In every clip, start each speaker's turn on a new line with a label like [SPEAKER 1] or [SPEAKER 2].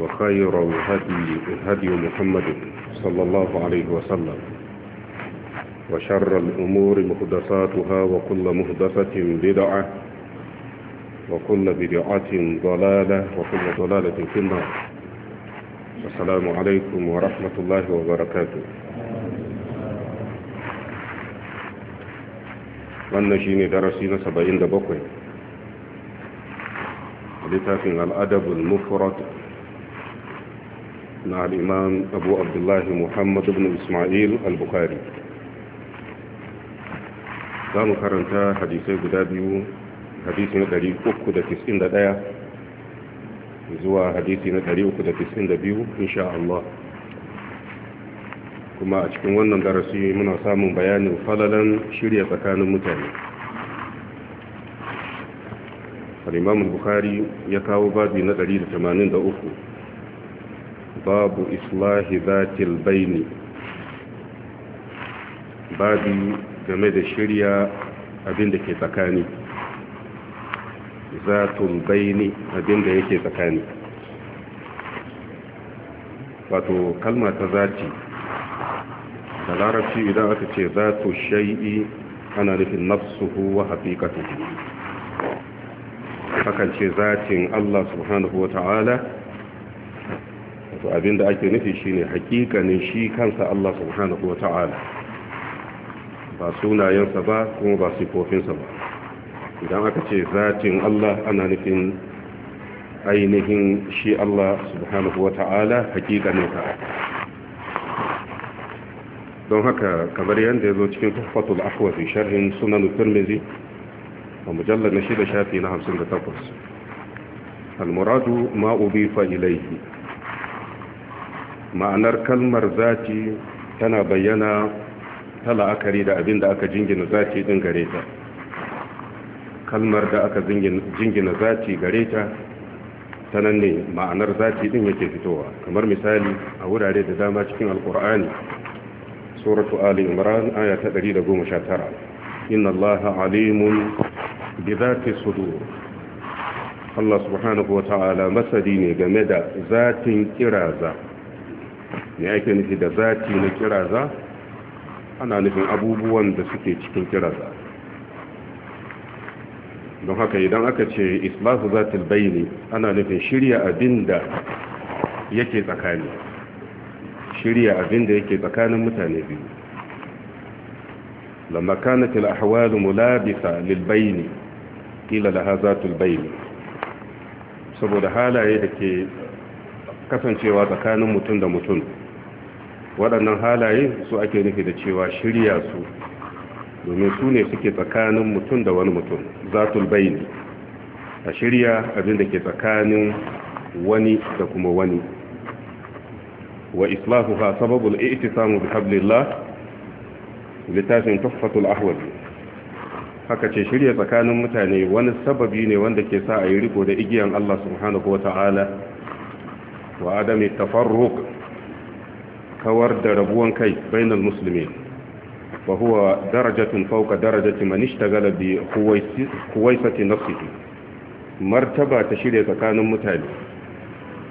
[SPEAKER 1] وخير الهدي هدي محمد صلى الله عليه وسلم وشر الأمور مهدساتها وكل مهدسة بدعة وكل بدعة ضلالة وكل ضلالة في النار السلام عليكم ورحمة الله وبركاته wannan shi ne darasi na 77 littafin al'adabul mufrat na al'imam abu abdullahi muhammad ibn ismail al-bukhari za mu karanta hadisai guda biyu hadisi na 391 zuwa hadisi na 392 insha Allah kuma a cikin wannan darasi muna samun bayanin falalan shirya tsakanin mutane al-imam bukhari ya kawo babi na 183 babu islahi zatil baini babi game da shirya abinda ke tsakani zatul baini abinda yake tsakani wato kalma ta zaci. da larabci idan aka ce zatu shai'i ana nufin nafsuhu wa haƙiƙatu hakan ce zatin Allah subhanahu wa to abinda ake nufi shine hakikanin shi kansa Allah subhanahu wa ba sunayensa ba kuma ba sifofinsa ba idan aka ce zatin Allah ana nufin ainihin shi Allah subhanahu wa ta'ala don haka kamar yadda ya zo cikin tuhfatul fi sharhin sunan turmizi a mujallar na shida shafi na 58 al-muradu ma ubifa ma'anar kalmar zati tana bayyana ta la'akari da abin da aka jingina zati din gare ta kalmar da aka jingina zati gare ta nan ne ma'anar zati din yake fitowa kamar misali a wurare da dama cikin alkur'ani suratu ali imran aya ta 119 inna allaha alimun bi zati sudur Allah subhanahu wa ta'ala masadi ne game da zatin kiraza ne ake nufi da zati na kiraza ana nufin abubuwan da suke cikin kiraza don haka idan aka ce islahu zatil bayni ana nufin shirya abin da yake tsakani shirya abin da yake tsakanin mutane biyu lamma kanat al-ahwal mulabisa lil bayni kila laha zatul bayni saboda halaye da ke kasancewa tsakanin mutum da mutum waɗannan halaye su ake nufi da cewa shirya su domin su ne suke tsakanin mutum da wani mutum zatul bayni a shirya abin da ke tsakanin wani da kuma wani wa islahu ha sababul i'tisamu bi hablillah littafin tuffatul ahwazi haka ce shirya tsakanin mutane wani sababi ne wanda ke sa a yi riko da igiyan Allah subhanahu Ta'ala. wa adami tafarruq kawar da rabuwan kai bainal muslimin fa huwa darajatun fawqa darajati man ishtagala bi huwaisati nafsihi martaba ta shirye tsakanin mutane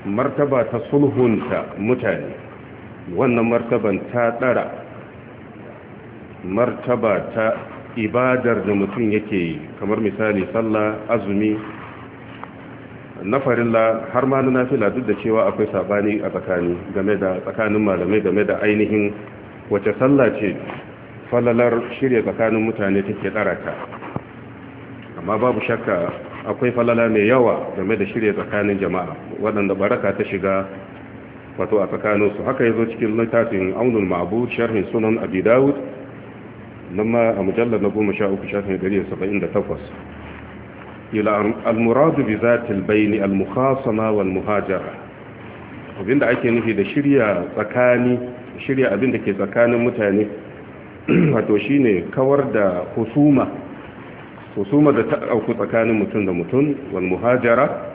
[SPEAKER 1] martaba ta sulhunta mutane wannan martaban ta ɗara. martaba ta ibadar da mutum yake yi kamar misali sallah azumi na La, har ma na nafila duk da cewa akwai sabani a tsakani game da tsakanin malamai game da ainihin wace sallah ce falalar shirya tsakanin mutane take tsaraka, amma babu shakka akwai falala mai yawa game da shirya tsakanin jama'a waɗanda baraka ta shiga wato a tsakaninsu haka ya zo cikin littafin aunul ma'abu sharhin sunan abi dawud nan ma a mujallar na goma sha uku shafin dari da saba'in da takwas ila almuradu bi zatil bayni almukhasama wal muhajara abinda ake nufi da shirya tsakani shirya abin da ke tsakanin mutane wato shine kawar da husuma husuma da ta auku tsakanin mutum da mutum wal muhajara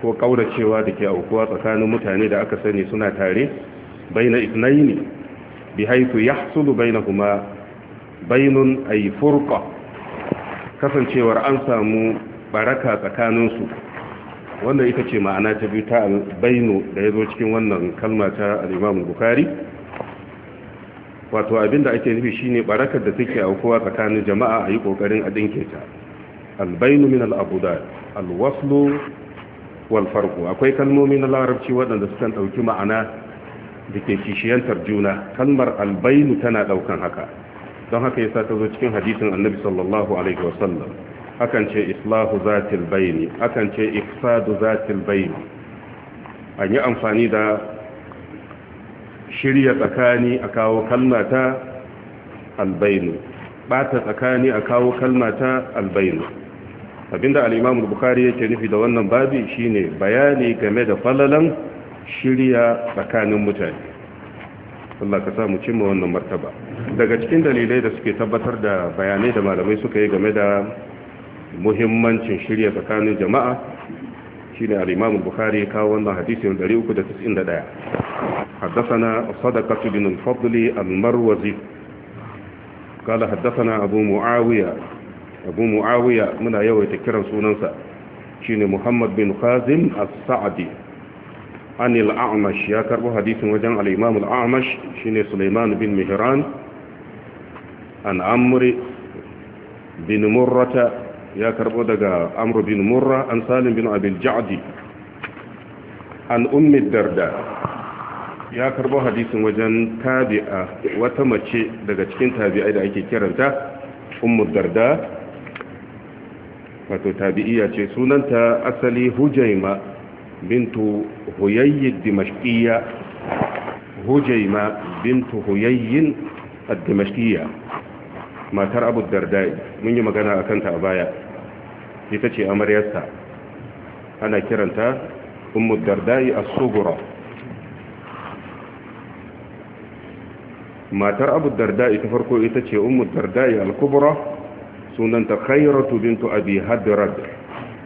[SPEAKER 1] ko kauracewa da ke aukuwa tsakanin mutane da aka sani suna tare baina ithnaini bihaythu yahsulu bainahuma bainun ay furqa kasancewar an samu baraka tsakaninsu wannan ita ce ma'ana ta biyu ta albainu da ya zo cikin wannan kalma ta al'imamu bukari wato abinda ake nufi shine barakar da take aukuwa tsakanin jama'a a yi kokarin a dinke ta albainu min al'abuda alwaslu wal akwai kalmomi na larabci waɗanda suka ɗauki ma'ana da ke kishiyantar juna kalmar albainu tana ɗaukan haka don haka yasa ta zo cikin hadisin annabi sallallahu alaihi wasallam akan ce islahu zatil bayni akan ce ifsadu zatil bayni an yi amfani da shirya tsakani a kawo kalmata ta albainu bata tsakani a kawo kalmata ta albainu abinda al-imam bukhari yake nufi da wannan babi shine bayani game da falalan shirya tsakanin mutane Allah ka sa mu cimma wannan martaba daga cikin dalilai da suke tabbatar da bayanai da malamai suka yi game da muhimmancin shirya tsakanin jama'a shine al-Imam al kawo wannan hadisi 391 haddathana Sadaqah bin al-Fadl al-Marwazi قال حدثنا أبو معاوية أبو معاوية من أيوة تكرا سننسا شين محمد بن خازم السعدي عن الأعمش يا كربو حديث وجن على الإمام الأعمش شين سليمان بن مهران عن عمرو بن مرة يا كربو دقا عمرو بن مرة عن سالم بن أبي الجعد عن أم الدرداء يا كربو حديث وجن تابعة وتمشي دقا تشكين تابعة إذا أيكي كرمتا أم الدرداء wato tabi'iya ce sunanta asali hujaima bintu huyayyi dimashqiyya hujayma matar abu dardai mun yi magana a kanta a baya ita ce amaryarsa ana kiranta ummu dardai as-sughra matar abu dardai ta farko ita ce ummu dardai al-kubra sunanta kairatu bintu abi hadrad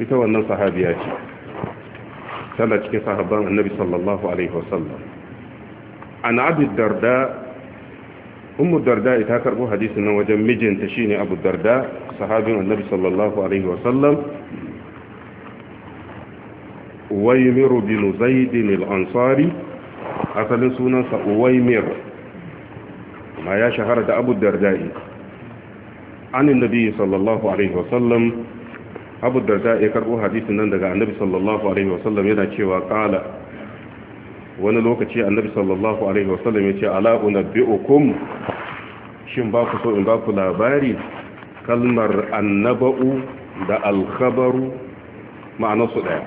[SPEAKER 1] ita wannan sahabiya ce tana cikin sahabban annabi sallallahu alaihi wasallam an abu darda ummu darda ita karbo hadisi nan wajen mijinta shine abu darda sahabin annabi sallallahu alaihi wasallam uwaimir bin zaid al-ansari asalin sunansa uwaimir ma ya shahara da abu darda'i an annabi sallallahu alaihi wasallam abu darda ya karbo hadisin nan daga annabi sallallahu alaihi wasallam yana cewa qala wani lokaci annabi sallallahu alaihi wasallam ya ce ala unabbiukum shin ba ku so in ba ku labari kalmar annaba'u da alkhabaru ma'anarsu daya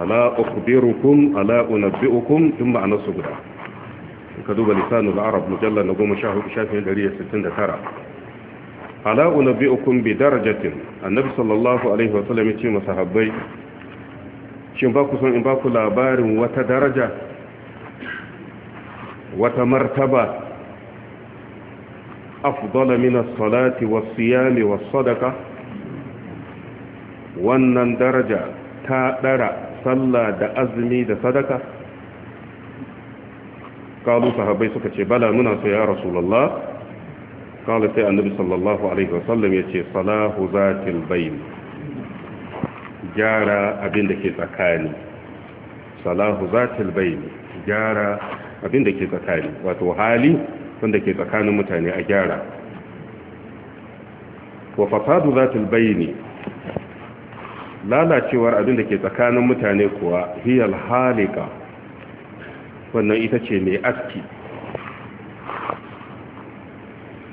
[SPEAKER 1] ala ukhbirukum ala unabbiukum din ma'anarsu guda ka duba lisanul arab mujallal na 10 shafin 169 ala unabbi'ukum bi darajatin annabi sallallahu alaihi wa sallam yace masahabbai shin ba ku son in ba ku labarin wata daraja wata martaba afdala min as-salati was-siyami was-sadaqa wannan daraja ta dara sallah da azumi da sadaka kalu sahabbai suka ce bala muna so ya rasulullah قال سي النبي صلى الله عليه وسلم يتي صلاه ذات البين جارا أبين دكي تكاني صلاه ذات البين جارا أبين دكي تكاني وتوهالي wanda ke tsakanin mutane a gyara wa fasadu za lalacewar abin da ke tsakanin mutane kuwa hiyar halika wannan ita ce mai aski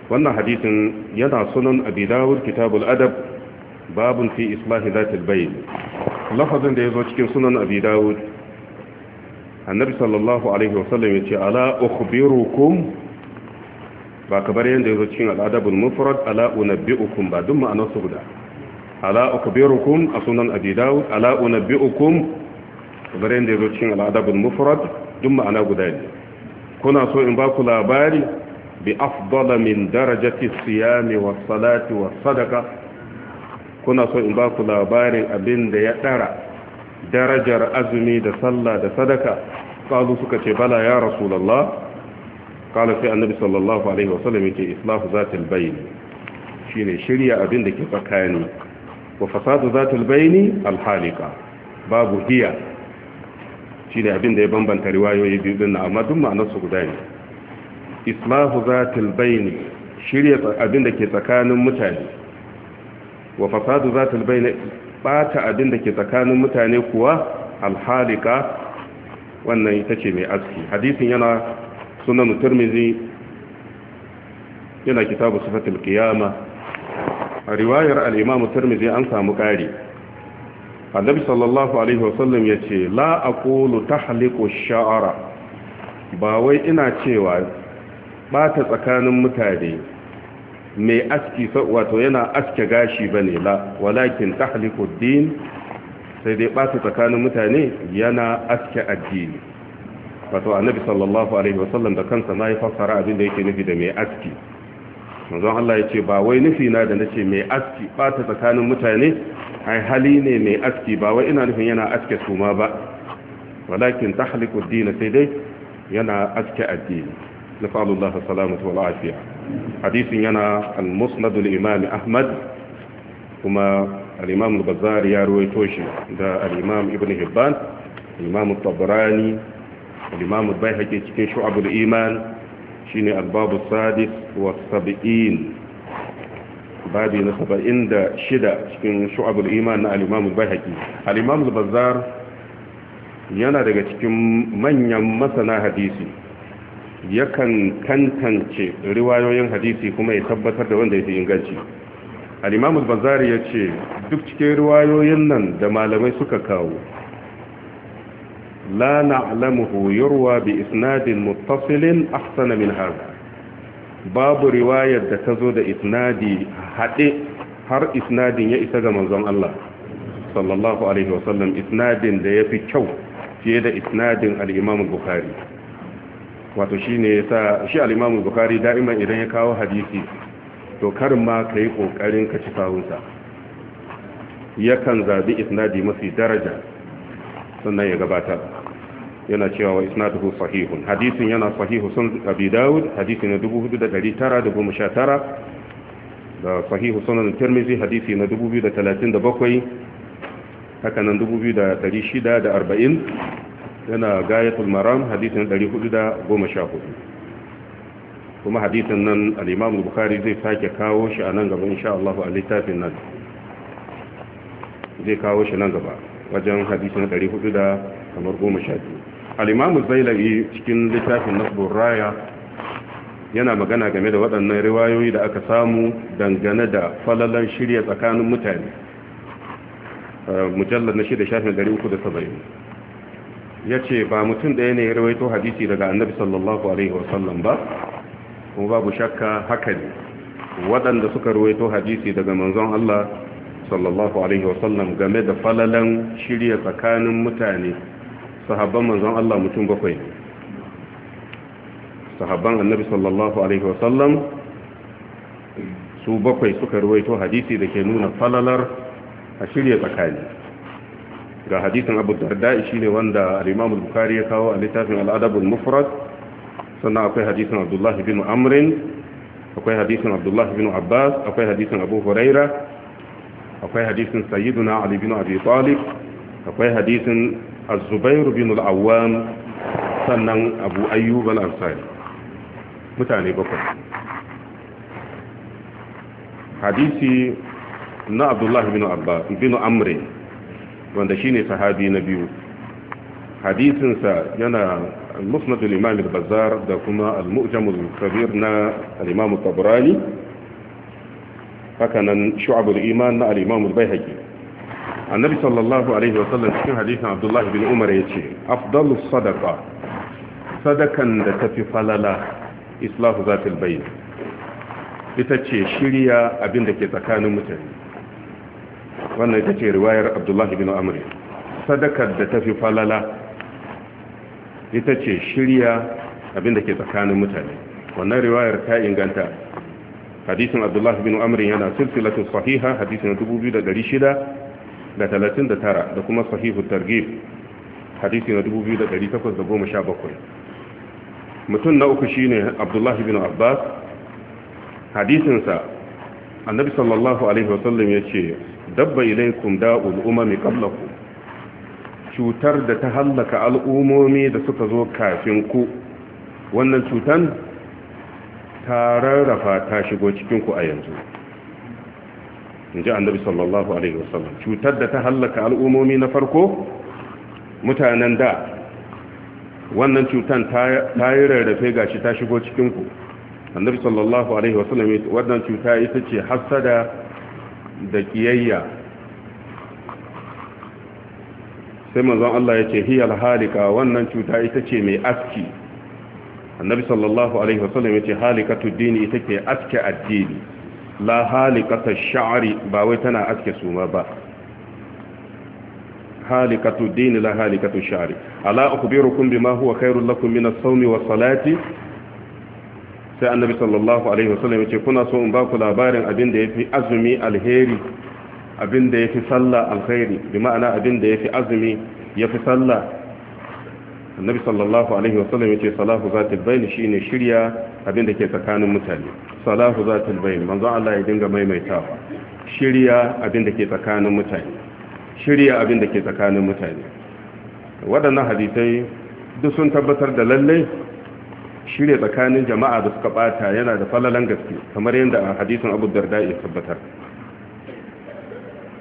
[SPEAKER 1] wannan hadisin yana sunan abi dawud kitabul adab babun fi islahi zatil bayn lafazin da ya zo cikin sunan abi dawud annabi sallallahu alaihi wasallam ce ala ukhbirukum ba kabar yanda zo cikin al mufrad ala unabbiukum ba duk ma'ana su guda ala ukhbirukum a sunan abi dawud ala unabbiukum kabar yanda zo cikin al mufrad duk ma'ana guda ne kuna so in ba ku labari بأفضل من درجة الصيام والصلاة والصدقة كنا سوء باكو لابارين أبين دي يأترى درجة أزمي دا صلى دا صدقة قالوا سكتي بلا يا رسول الله قال في النبي صلى الله عليه وسلم يتي إصلاح ذات البين شيني شريع أبين دي كفكاني وفساد ذات البين الحالقة باب هي شيني أبين دي بمبان تروايو يبين أما دم أنسو قداني islahu zatil bayni shirya abin da ke tsakanin mutane wa fasadu zatil bayni bata abin da ke tsakanin mutane kuwa alhalika wannan ita ce mai aski hadisin yana sunan turmizi yana kitabu sifatul qiyama a riwayar al-imam turmizi an samu ƙari annabi sallallahu alaihi wa wasallam yace la aqulu tahliqu ash-sha'ra ba wai ina cewa bata tsakanin mutane mai aski wato yana aske gashi ba ne la walakin tahliku din sai dai bata tsakanin mutane yana aske addini wato annabi sallallahu alaihi wasallam da kansa nayi fassara abin da yake nufi da mai aski manzon Allah ya ce ba wai nufi na da nace mai aski bata tsakanin mutane ai hali ne mai aski ba wai ina nufin yana aske suma ba walakin tahliku din sai dai yana aske addini نسأل الله السلامة والعافية حديث ينا المسند الإمام أحمد كما الإمام البزار يا روي توشي ده الإمام ابن هبان الإمام الطبراني الإمام البيهقي cikin شعب الإيمان شيني الباب السادس والسبعين babi na saba'in da shida cikin shu'abul iman na al'imamul bayhaki al'imamul bazar yana daga cikin manyan masana hadisi yakan tantance riwayoyin hadisi kuma ya tabbatar da wanda ya fi inganci al'imamul bazari ya ce duk cikin riwayoyin nan da malamai suka kawo la na'lamuhu yurwa bi isnadin muttasilin ahsana min hada babu riwayar da ta zo da isnadi haɗe har isnadin ya isa ga manzon Allah sallallahu alaihi wasallam isnadin da ya fi kyau fiye da isnadin al'imamul bukhari wato shi ne ya sa shi alimamu bukari da'iman idan ya kawo hadisi to karin ma ka yi ƙoƙarin ka ci sawunsa yakan zaɓi isnadi mafi daraja sannan ya gabata yana cewa wa ku sahihun hadisin yana sahihu sun abi dawud hadisi na 4919 da sahihu sunan tirmizi hadisi na 2037 haka nan 2640 yana gaya maram hadisin 414 kuma hadisin nan al bukari zai sake kawo shi a nan gaba insha Allah a littafin nan zai kawo shi nan gaba wajen hadisin 400 kamar 12 al-imam zailai cikin littafin na buraya yana magana game da waɗannan riwayoyi da aka samu dangane da falalan shirya tsakanin mutane mujallar na shida shafin 370 ya ce ba mutum ɗaya ne ya rawaito hadisi daga annabi sallallahu alaihi wasallam ba kuma babu shakka haka ne waɗanda suka rawaito hadisi daga manzon Allah sallallahu alaihi wasallam game da falalan shirya tsakanin mutane sahabban manzon Allah mutum bakwai sahabban annabi sallallahu alaihi wasallam su bakwai suka rawaito hadisi da ke nuna falalar a shirya tsakani ga hadisin abu darda shi ne wanda al-imam al-bukhari ya kawo a littafin al-adab al-mufrad sannan akwai hadisin abdullahi bin amrin akwai hadisin abdullahi bin abbas akwai hadisin abu huraira akwai hadisin sayyiduna ali bin abi talib akwai hadisin az-zubair bin al-awwam sannan abu ayyub al-ansari mutane bakwai hadisi na abdullahi bin abbas bin amrin wanda shine sahabi na biyu hadisinsa yana musnad imam al-bazzar da kuma al-mu'jam kabir na al-imam tabrani haka nan iman na al-imam al-baihaqi annabi sallallahu alaihi wa sallam cikin hadisin abdullah bin umar yace afdalu sadaqa sadakan da tafi falala islahu zatil bayn ita ce shirya abin da ke tsakanin mutane wannan ita ce riwayar abdullahi bin amri sadakar da ta fi falala ita ce shirya abinda ke tsakanin mutane wannan riwayar ta inganta hadisin abdullahi bin amri yana silsilatu sahiha hadisin 2639 da da kuma sahihu targhib hadisin 2817 mutum na uku shine abdullahi bin abbas hadisinsa annabi sallallahu alaihi wasallam ya ce dabba ilaikum da'ul umami qablaku cutar da ta hallaka al'umomi da suka zo kafin ku wannan cutan ta rarrafa ta shigo cikin ku a yanzu inji annabi sallallahu alaihi wasallam cutar da ta hallaka al'umomi na farko mutanen da wannan cutan ta yi rarrafe gashi ta shigo cikin ku annabi sallallahu alaihi wasallam wannan cuta ita ce hasada da kiyayya sai manzon Allah ya ce hiyar halika wannan cuta ita ce mai aski annabi sallallahu alaihi wasallam ya ce halikatu dini ita ke aske addini la halikata sha'ari ba wai tana aske suma ba halikatu dini la halikatu sha'ari ala ukhbirukum bima huwa khairul lakum min as-sawmi was-salati sai annabi sallallahu alaihi wasallam yace kuna so in ba ku labarin abin da yafi azumi alheri abin da yafi sallah alheri bi ma'ana abin da yafi azumi yafi sallah annabi sallallahu alaihi wasallam yace salahu zatil bayn shine shirya abin da ke tsakanin mutane salahu zatil bayn manzo Allah ya dinga maimaitawa shirya abin da ke tsakanin mutane shirya abin da ke tsakanin mutane waɗannan hadisai duk sun tabbatar da lallai shirya tsakanin jama'a da suka bata yana da falalan gaske kamar yadda a hadisin abu darda ya tabbatar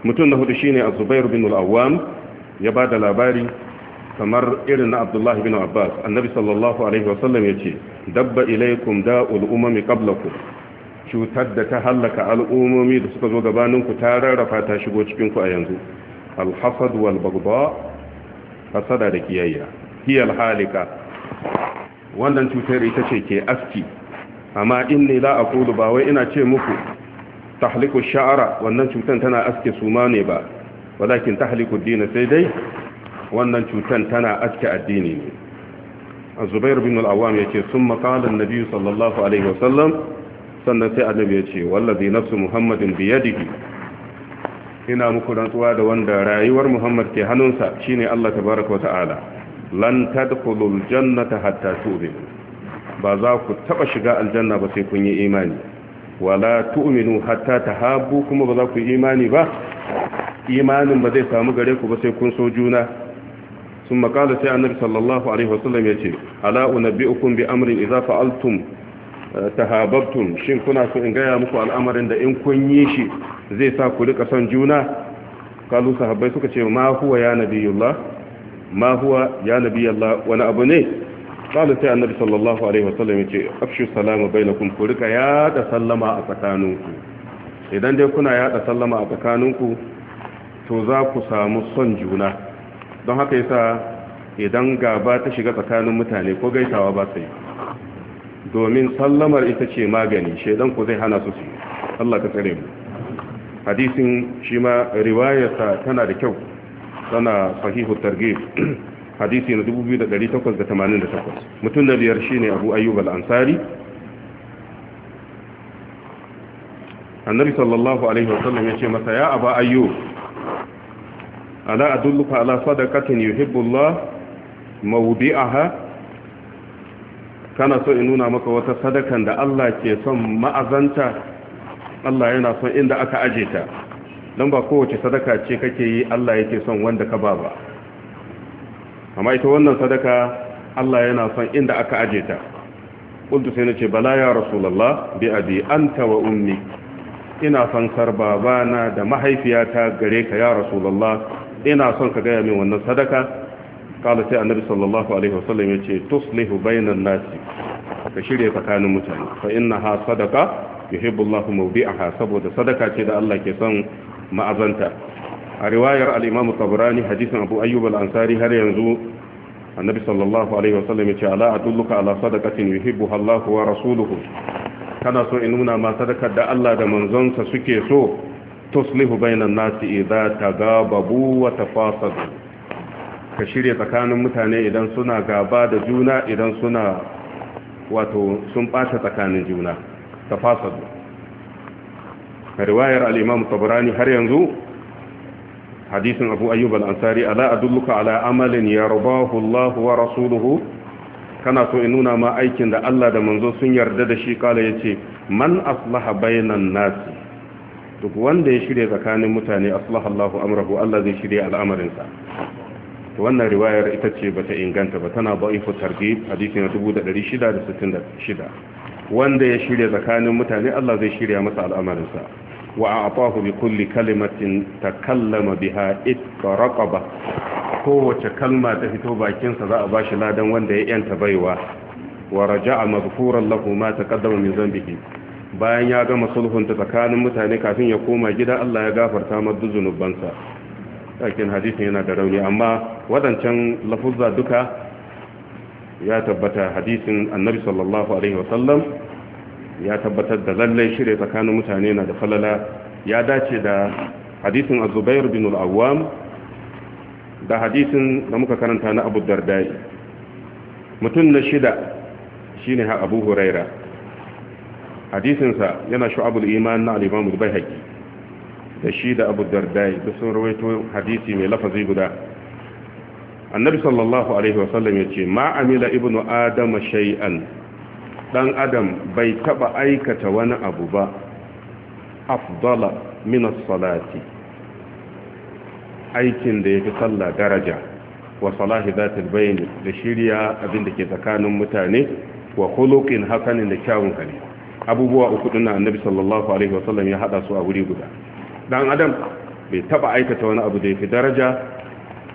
[SPEAKER 1] mutum na hudu shine az-zubair bin awwam ya ba da labari kamar irin na abdullahi bin abbas annabi sallallahu alaihi wasallam ya ce dabba ilaikum da'ul umami qablakum cutar da ta hallaka al'umomi da suka zo gabaninku ta rarrafa ta shigo cikinku a yanzu alhasad wal bagba hasada da kiyayya hiyal halika wannan cutar ita ce ke aski amma inni la aqulu ba wai ina ce muku tahliku sha'ara wannan cutar tana aske suma ne ba walakin tahliku dina sai dai wannan cutar tana aske addini ne az-zubair bin al-awwam yace summa qala an-nabi sallallahu alaihi wasallam sannan sai annabi yace wallazi nafsu muhammadin bi yadihi ina muku rantsuwa da wanda rayuwar muhammad ke hannunsa shine Allah tabaaraka wa ta'ala lan tadkhulul jannata hatta tu'minu ba za ku taba shiga aljanna ba sai kun yi imani wala tu'minu hatta tahabu kuma ba za ku yi imani ba imanin ba zai samu gare ku ba sai kun so juna sun makala sai annabi sallallahu alaihi wasallam ya ce ala unabbi'ukum bi amrin idza fa'altum eh, tahabbtum shin kuna so in gaya muku al'amarin da in kun yi shi zai sa ku rika son juna kalu sahabbai suka ce ma huwa ya nabiyullah ma huwa ya nabi Allah wani abu ne qala sai annabi sallallahu alaihi wasallam yace afshu salama bainakum ku rika yada sallama a tsakaninku idan dai kuna yada sallama a tsakaninku to za ku samu son juna don haka yasa idan gaba ta shiga tsakanin mutane ko gaisawa ba sai domin sallamar ita ce magani shedan ku zai hana su su Allah ka tsare mu hadisin shi ma riwayarsa tana da kyau tana sahihu targhib hadisi na 2888 mutum na biyar shine Abu Ayyub al-Ansari annabi sallallahu alaihi wasallam yace masa ya Abu Ayyub ala adulluka ala sadaqatin yuhibbullah mawdi'aha kana so in nuna maka wata sadakan da Allah ke son ma'azanta Allah yana son inda aka aje ta don ba kowace sadaka ce kake yi Allah yake son wanda ka ba ba amma ita wannan sadaka Allah yana son inda aka aje ta kuntu sai nace bala ya rasulullah bi abi anta wa ummi ina son kar babana da mahaifiyata gare ka ya rasulullah ina son ka gaya min wannan sadaka kala sai annabi sallallahu alaihi wasallam yace tuslihu bainan nasi ka shirye tsakanin mutane fa innaha sadaqa yuhibbu Allahu mawdi'aha saboda sadaka ce da Allah ke son ma'azanta a riwayar alimamu imam tabrani hadisin abu ayyub al-ansari har yanzu annabi sallallahu alaihi wasallam yace ala adulluka ala sadaqatin yuhibbuha Allahu wa rasuluhu kana so in nuna ma sadakar da Allah da manzonsa suke so tuslihu bainan nasi ta gababu wa tafasadu ka shirya tsakanin mutane idan suna gaba da juna idan suna wato sun bata tsakanin juna tafasadu riwayar al-imam tabarani har yanzu hadisin abu ayyub al-ansari ala adulluka ala amalin yarbahu Allah wa rasuluhu kana so in nuna ma aikin da Allah da manzo sun yarda da shi kala ce man aslaha bainan nas duk wanda ya shirya tsakanin mutane aslaha Allah amrahu Allah zai shirya al'amarinsa wannan riwayar ita ce bata inganta ba tana da'ifu targhib hadisi na 1666 wanda ya shirya tsakanin mutane Allah zai shirya masa al'amarinsa. وأعطاه بكل كلمة تكلم بها إتق رقبة kowace kalma ta fito bakinsa za a ba shi ladan wanda ya yanta baiwa wa raja'a mazkuran lahu ma taqaddama min zambihi bayan ya gama sulhunta tsakanin mutane kafin ya koma gida Allah ya gafarta masa zunubansa lakin hadisin yana da rauni amma waɗancan lafuzza duka ya tabbata hadisin annabi sallallahu alaihi wasallam ya tabbatar da lallai shirya tsakanin mutane na da falala ya dace da hadisin azubair bin al'awam da hadisin da muka karanta na abu dardai mutum na shida shine ha abu huraira hadisinsa yana shu'abul iman na al'imamu bai haƙi da shi da abu dardai da sun rawaito hadisi mai lafazi guda annabi sallallahu alaihi wasallam ya ce ma'amila Ibn ibnu shay'an dan adam bai taba aikata wani abu ba afdala min as-salati aikin da yafi sallah daraja wa salahi zatul bayn da shirya abin da ke tsakanin mutane wa khuluqin hakanin da kyawun hali abubuwa uku din annabi sallallahu alaihi wasallam ya hada su a wuri guda dan adam bai taba aikata wani abu da yake daraja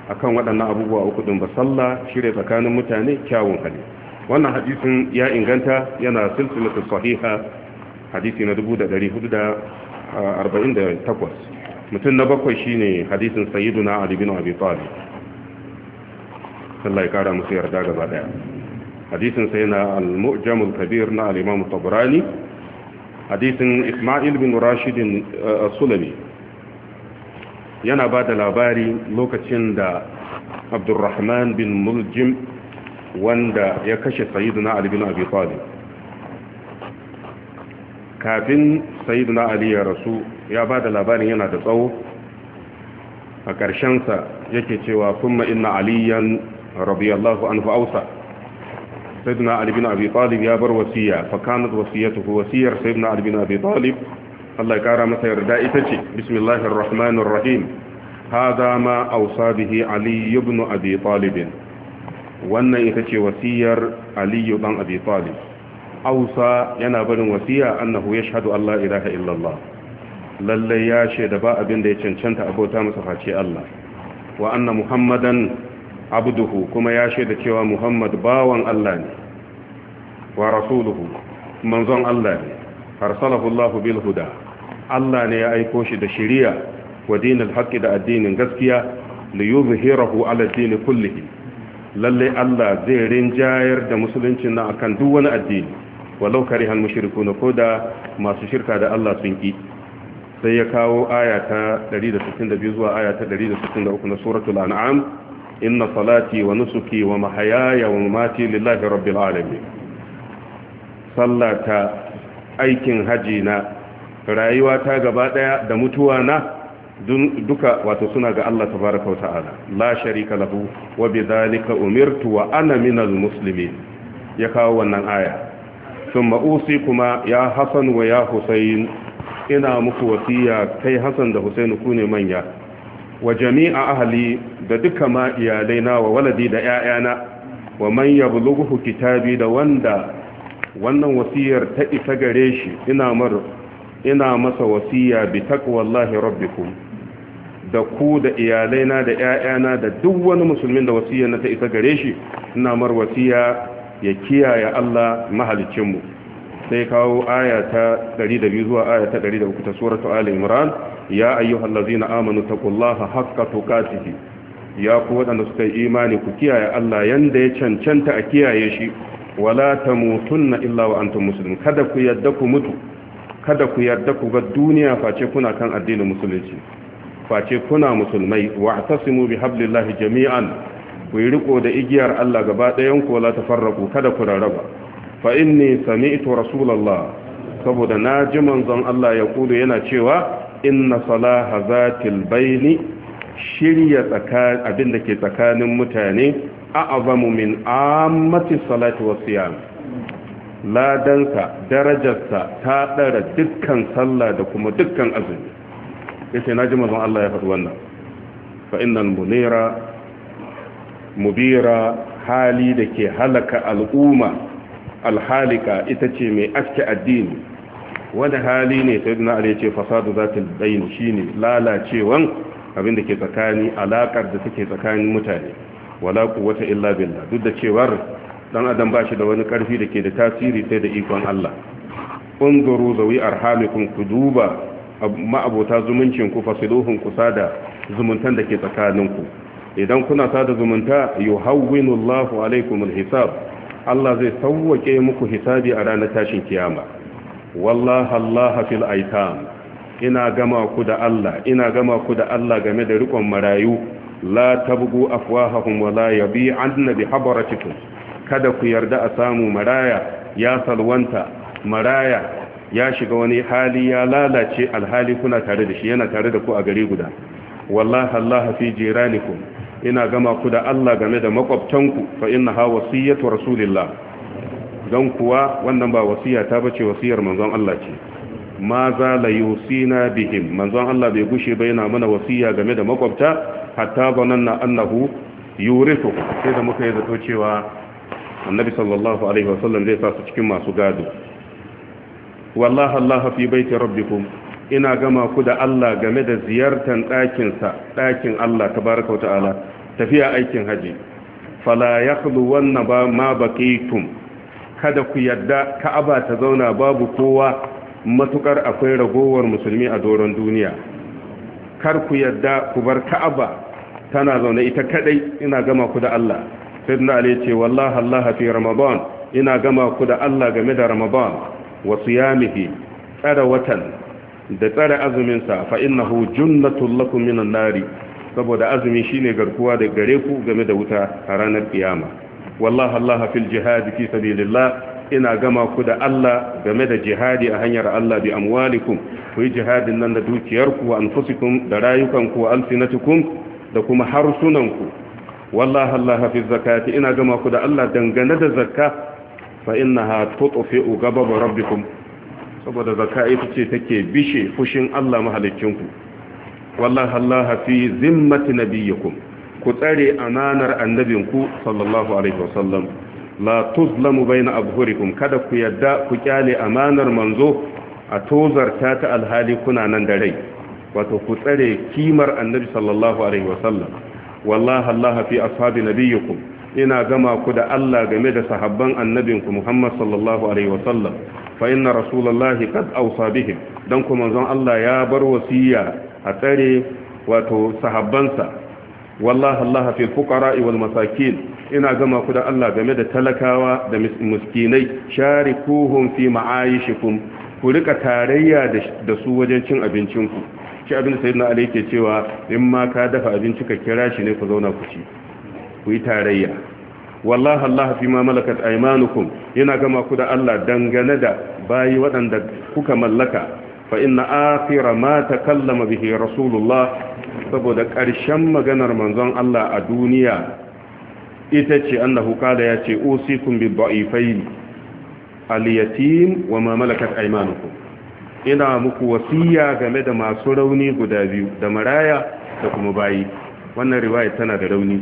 [SPEAKER 1] akan waɗannan abubuwa uku din ba sallah shirya tsakanin mutane kyawun kali wannan hadisin ya inganta yana silsilatu sahiha hadisi na 1448 mutum na bakwai shine hadisin sayyiduna ali bin abi talib Allah ya kara musu yarda gaba daya hadisin sai na al-mu'jam kabir na al-imam tabrani hadisin isma'il bin rashid uh, as-sulami yana bada labari lokacin da abdurrahman bin muljim wanda ya kashe sayyiduna ali bin abi talib kafin sayyiduna ali ya rasu ya bada labarin yana da tsawo a ƙarshensa yake cewa kuma inna aliyan radiyallahu anhu ausa sayyiduna ali bin abi talib ya bar wasiya fa kanat wasiyatuhu wasiyar sayyiduna ali bin abi talib Allah ya kara masa yarda ita ce bismillahir rahmanir rahim hada ma ausa bihi ali ibn abi talib wannan ita ce wasiyar aliyu dan abi talib ausa yana barin wasiya annahu yashhadu Allah la ilaha illallah lalle ya shaida ba abin da ya cancanta abota masa face Allah wa anna muhammadan abduhu kuma ya shaida cewa muhammad bawan Allah ne wa rasuluhu manzon Allah ne arsalahu Allah bil huda Allah ne ya aiko shi da shari'a wa dinil haqqi da addinin gaskiya li yuzhirahu ala dini kullihi lalle Allah zai rinjayar da musulunci na akan duk wani addini walau karihal ko koda masu shirka da Allah sun ki sai ya kawo aya ta 162 zuwa aya ta 163 na suratul an'am inna salati wa nusuki wa mahayaya wa mamati lillahi rabbil alamin sallata aikin haji na rayuwa ta gaba daya da mutuwa na duka wato suna ga Allah tabaraka wa ta'ala la sharika lahu wa bidhalika umirtu wa ana minal muslimin ya kawo wannan aya thumma usi kuma ya hasan wa ya husayn ina muku wasiya kai hasan da husayn ku ne manya wa jami'a ahli da duka ma iyalaina wa waladi da 'ya'yana. wa man yablughu kitabi da wanda wannan wasiyar ta isa gare shi ina mar ina masa wasiya bi taqwallahi rabbikum da ku da iyalaina da ‘ya'yana da duk wani musulmin da wasiya na ta isa gare shi ina mar wasiya ya kiyaye Allah mahalicinmu sai kawo aya ta 102 zuwa aya ta 103 ta suratu Ali Imran ya ayyuhal ladzina amanu taqullaha haqqa tuqatih ya ku wadanda suka yi imani ku kiyaye Allah yanda ya cancanta a kiyaye shi wala tamutunna illa wa antum muslimun kada ku yadda ku mutu kada ku yarda ku ga duniya face kuna kan addinin musulunci face kuna musulmai wa tasimu bi hablillahi jami'an ku yi riko da igiyar Allah gaba ɗayan ku la tafarraku kada ku rarraba fa inni sami'tu rasulullah saboda na ji manzon Allah ya kudu yana cewa inna salaha zatil baini shirya abinda abin da ke tsakanin mutane bamu min ammati salati wasiyam ladansa darajarsa ta ɗara dukkan sallah da kuma dukkan azumi na ji manzon Allah ya faɗi wannan fa innal munira mubira hali da ke halaka al'umma alhalika ita ce mai aske addini wani hali ne sai duna ya ce fasadu za ta bayin shi ne lalacewan abin da ke tsakani alaƙar da take tsakanin mutane wala wata illa billah duk da cewar dan adam ba shi da wani ƙarfi da ke da tasiri sai da ikon Allah unzuru zawi arhamikun ku duba ma'abota zumuncin ku fasiluhun ku sada zumuntan da ke tsakaninku idan kuna sada zumunta yuhawwinu Allahu alaikum alhisab Allah zai sauwake muku hisabi a ranar tashin kiyama wallahi Allah fil aitam ina gama ku da Allah ina gama ku da Allah game da rikon marayu la tabgu afwahahum wa la yabi'anna bi habaratikum kada ku yarda a samu maraya ya salwanta maraya ya shiga wani hali ya lalace alhali kuna tare da shi yana tare da ku a gari guda wallahi Allah fi jiranikum ina gama ku da Allah game da makwabtanku fa ha wasiyatu rasulillah dan kuwa wannan ba wasiya ta bace wasiyar manzon Allah ce ma za la yusina bihim manzon Allah bai gushe ba yana mana wasiya game da makwabta hatta zananna annahu yurithu sai da muka yi zato cewa annabi sallallahu alaihi wasallam zai sa su cikin masu gado wallaha Allah fi baiti rabbikum ina gama ku da Allah game da ziyartan ɗakinsa ɗakin Allah tabaraka wata'ala tafiya aikin haji fala yakhlu wanna ba ma baqitum kada ku yadda ka'aba ta zauna babu kowa matukar akwai ragowar musulmi a doron duniya
[SPEAKER 2] kar ku yadda ku bar ka'aba
[SPEAKER 1] tana zaune ita kadai ina gama ku da Allah sayyidina ali ce wallahi Allah fi ramadan ina gama ku da Allah game da ramadan Wasu yamihi, tsara watan da tsara azumin sa fa innahu junnatul lakum minan nari saboda azumi shine garkuwa da gare ku game da wuta a ranar ƙiyama wallahi Allah fil jihadi, fi sabilillah ina gama ku da Allah game da jihadi a hanyar Allah bi amwalikum ku yi jihadin nan da dukiyarku wa anfusikum da rayukanku wa alsinatukum da kuma harsunanku wallahi Allah fil zakati ina gama ku da Allah dangane da zakka fa innaha ba ba rabbikum saboda zakka ita ce take bishe fushin Allah mahalicinku wallahi Allah fi zimmati nabiyikum ku tsare amanar annabinku sallallahu alaihi wasallam la tuzlamu baina abhurikum kada ku yadda ku kyale amanar manzo a tozarta ta alhali kuna nan da rai wato ku tsare kimar annabi sallallahu alaihi wasallam wallahi Allah fi ashabi nabiyikum ina gama ku da Allah game da sahabban annabinku Muhammad sallallahu alaihi wasallam fa inna rasulullahi kad awsa bihim dan ku manzon Allah ya bar wasiya a tsare wato sahabbansa wallahi Allah fi fuqara wal masakin ina gama ku da Allah game da talakawa da miskinai sharikuhum fi ma'ayishikum ku rika tarayya da su wajen cin abincinku shi abin da sayyidina Ali ke cewa in ma ka dafa abinci ka kira shi ne ku zauna ku ci ku yi tarayya wallaha Allah fi ma malakat aymanukum yana gama ku da Allah dangane da bayi waɗanda kuka mallaka fa inna akhira ma takallama bihi rasulullah saboda ƙarshen maganar manzon Allah a duniya ita ce annahu kala ya ce usikum bi dha'ifain al-yatim wa ma malakat aymanukum ina muku wasiya game da masu rauni guda biyu da maraya da kuma bayi wannan riwaya tana da rauni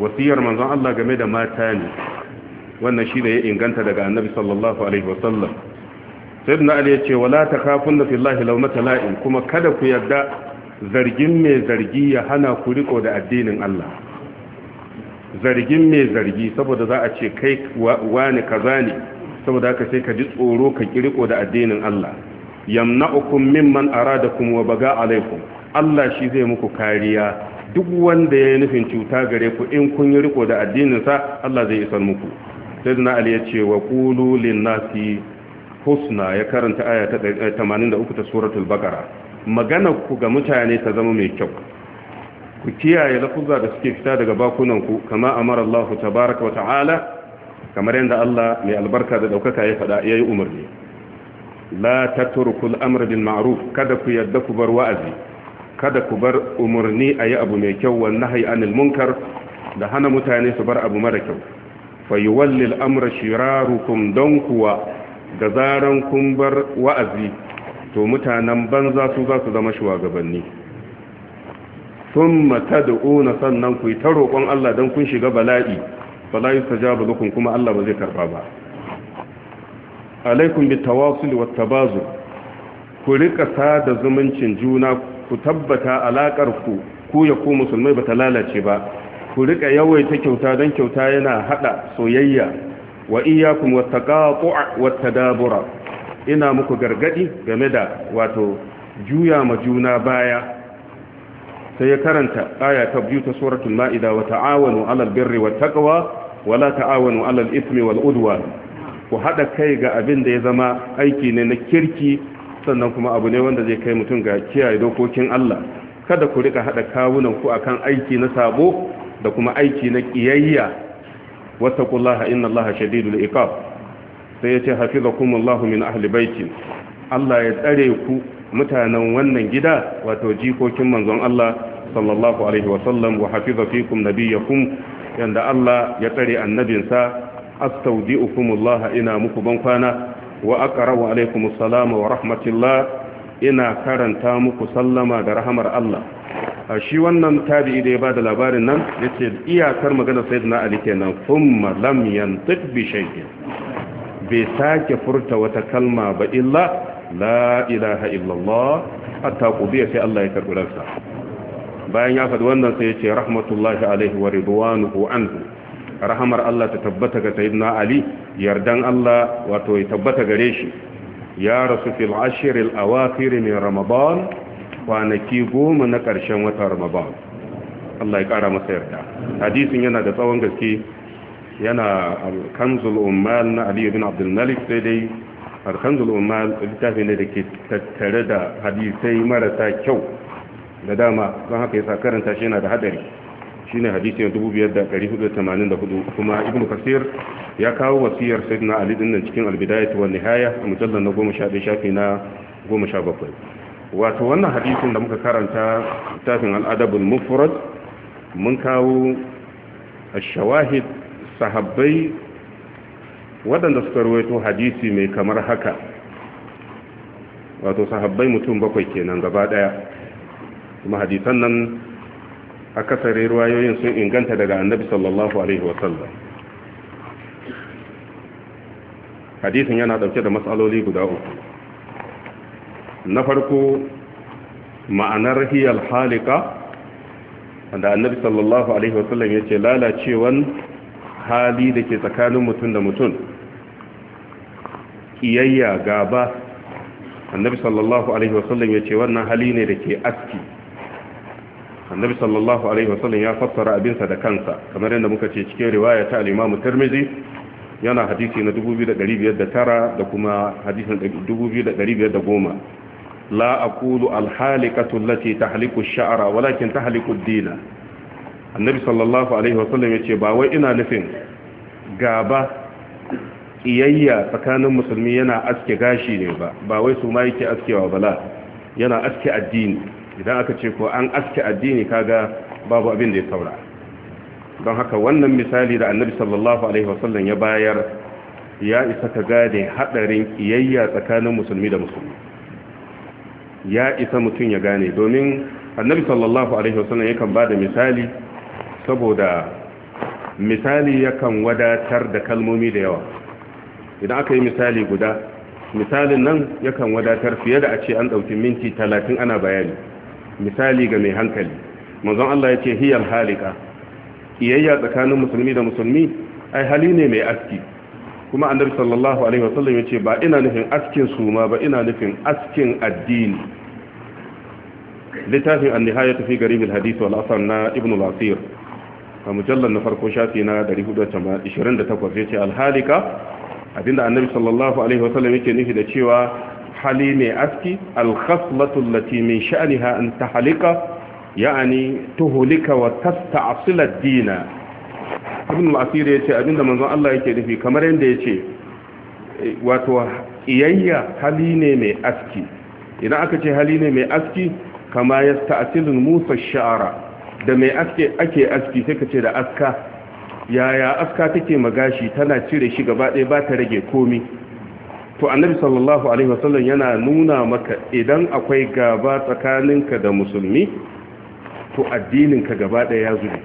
[SPEAKER 1] wasiyar manzon Allah game da mata ne wannan shi ya inganta daga annabi sallallahu alaihi wasallam sayyidina ali ya ce wala takhafunna fillahi lawmata la'in kuma kada ku yarda zargin mai zargi ya hana ku riko da addinin Allah zargin mai zargi saboda za a ce kai wani kaza ne saboda haka sai ka ji tsoro ka kiriko da addinin Allah yamna'ukum mimman aradakum wa baga ala'iku Allah shi zai muku kariya duk wanda ya nufin cuta gare ku in kun yi riko da addininsa Allah zai isar muku sayyidina ali ya ce wa qulu lin nasi husna ya karanta aya ta 83 eh, ta suratul baqara magana ku ga mutane ta zama mai kyau ku kiyaye lafuzza da suke fita daga bakunan ku kama amara Allah tabaaraka wa ta'ala kamar yadda Allah mai albarka da daukaka ya fada yayi umarni la tatrukul amra bil ma'ruf kada ku yadda ku bar wa'azi kada ku bar umarni a yi abu mai kyau wa nahyi anil munkar da hana mutane su bar abu mara kyau fayuwalli amra shirarukum don kuwa da zaran kun bar wa'azi to mutanen banza su za su zama shugabanni sun mata da una sannan ku yi ta roƙon Allah don kun shiga bala'i bala'i ta ja balukun kuma Allah ba zai karɓa ba alaikun bi tawasul wa tabazu ku riƙa sada zumuncin juna ku tabbata alaƙar ku ku ya ku musulmai ba ta lalace ba ku riƙa yawaita kyauta don kyauta yana haɗa soyayya wa iyyakum wata dabura. ina muku gargadi game da wato juya ma juna baya sai ya karanta aya ta biyu ta suratul ma'ida wa ta'awanu 'alal birri wat taqwa wa la ta'awanu 'alal ithmi wal udwan ku hada kai ga abin da ya zama aiki ne na kirki sannan kuma abu ne wanda zai kai mutum ga kiyaye dokokin Allah kada ku rika hada kawunan ku akan aiki na sabo da kuma aiki na kiyayya wattaqullaha innallaha shadidul iqab sai yace hafizakumullahu min ahli baiti Allah ya tsare ku mutanen wannan gida wato jikokin manzon Allah sallallahu alaihi wasallam wa hafiza fikum nabiyakum yanda Allah ya tsare annabinsa astaudiukumullaha ina muku ban kwana wa aqrabu alaikum salama wa rahmatullah ina karanta muku sallama da rahmar Allah A shi wannan tabi'i da ya bada labarin nan yace iyakar magana na ali kenan thumma lam yantiq duk shay'in bai sake furta wata kalma ba illa la ilaha illallah hatta qudiya sai Allah ya karɓi ransa bayan ya faɗi wannan sai ya ce rahmatullahi alaihi wa ridwanuhu anhu rahamar Allah ta tabbata ga sayyidina ali yardan Allah wato ya tabbata gare shi ya rasu fil ashiril awakhir min ramadan kwanaki goma na ƙarshen watan ramadan Allah ya ƙara masa yarda hadisin yana da tsawon gaske yana al-kanzul ummal na Ali ibn Abdul Malik sai dai al-kanzul ummal littafi ne da ke tattare da hadisai marasa kyau da dama don haka yasa karanta shi yana da hadari shine hadisi na dubu biyar da da da ƙari tamanin 2484 kuma Ibn kasir ya kawo wasiyar sayyidina ali din nan cikin albidayatu wan nihaya mujallal na goma sha 11 shafi na goma sha bakwai. wato wannan hadisin da muka karanta tafin al-adabul mufrad mun kawo ash-shawahid sahabbai waɗanda suka ruwaito hadisi mai kamar haka wato sahabbai mutum bakwai kenan gaba ɗaya kuma hadisan nan akasarin ruwayoyin sun inganta daga annabi sallallahu alaihi wasallam hadisin yana dauke da matsaloli guda uku na farko ma'anar hiyal halika da annabi sallallahu alaihi wasallam ya ce lalacewan hali da ke tsakanin mutum da mutum ƙiyayya gaba annabi sallallahu alaihi wasallam ya ce wannan hali ne da ke aski annabi sallallahu alaihi wasallam ya fassara abinsa da kansa kamar yadda muka ce cikin riwaya ta al-Imam Tirmidhi yana hadisi na 2509 da kuma hadisin 2510 la aqulu al-halikatu allati tahliku ash-sha'ra walakin tahliku ad-dina annabi sallallahu alaihi wasallam yace ba wai ina nufin gaba iyayya tsakanin musulmi yana aske gashi ne ba ba wai su ma yake askewa bala yana aske addini idan aka ce ko an aske addini kaga babu abin da ya saura don haka wannan misali da annabi sallallahu alaihi wasallam ya bayar ya isa ka gane hadarin kiyayya tsakanin musulmi da musulmi ya isa mutum ya gane domin annabi sallallahu alaihi wasallam yakan bada misali saboda misali yakan wadatar da kalmomi da yawa idan aka yi misali guda misalin nan yakan wadatar fiye da a ce an ɗauki minti talatin ana bayani misali ga mai hankali manzon Allah ya ce hiyal halika iyayya tsakanin musulmi da musulmi ai hali ne mai aski kuma annabi sallallahu alaihi wasallam ya ce ba ina nufin askin suma ba ina nufin askin addini littafin an-nihayatu fi garib al-hadith wal asar na ibn al-asir a mujallar na farko shafi na 428 ya ce alhalika abinda annabi sallallahu alaihi wasallam yake nufi da cewa hali mai aski alkhasmatu allati min sha'niha an tahlika yani tuhlika wa tasta'sil ad-din ibn al-asir yace abinda manzon Allah yake nufi kamar yanda yace wato iyayya hali ne mai aski idan aka ce hali ne mai aski kama yasta'silu musa sha'ara da mai aski ake aski sai ka ce da aska yaya aska take magashi tana cire shi gaba ɗaya ba ta rage komi to annabi sallallahu alaihi wasallam yana nuna maka idan akwai gaba tsakaninka da musulmi to addininka gaba ɗaya ya zube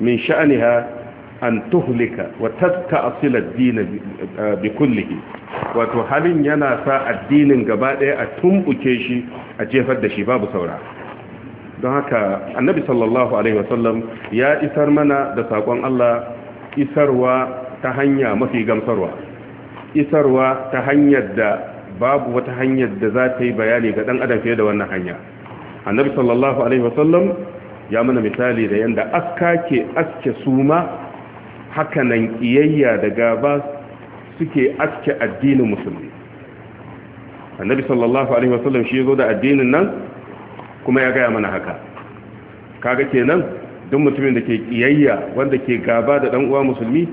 [SPEAKER 1] min sha'aniha an tuhlika wa tatta'asila ad-din eh, bi kullihi wato halin yana sa addinin gaba ɗaya a tumbuke shi a jefar da shi babu saura don haka annabi sallallahu alaihi wasallam ya isar mana da sakon Allah isarwa ta hanya mafi gamsarwa isarwa ta hanyar da babu wata hanyar da za ta yi bayani ga dan adam fiye da wannan hanya annabi sallallahu alaihi wasallam ya mana misali da yanda aska ke aske suma haka nan kiyayya da gaba suke aske addinin musulmi annabi sallallahu alaihi wasallam shi zo da addinin nan kuma ya gaya mana haka kaga kenan duk mutumin da ke kiyayya wanda ke gaba da dan uwa musulmi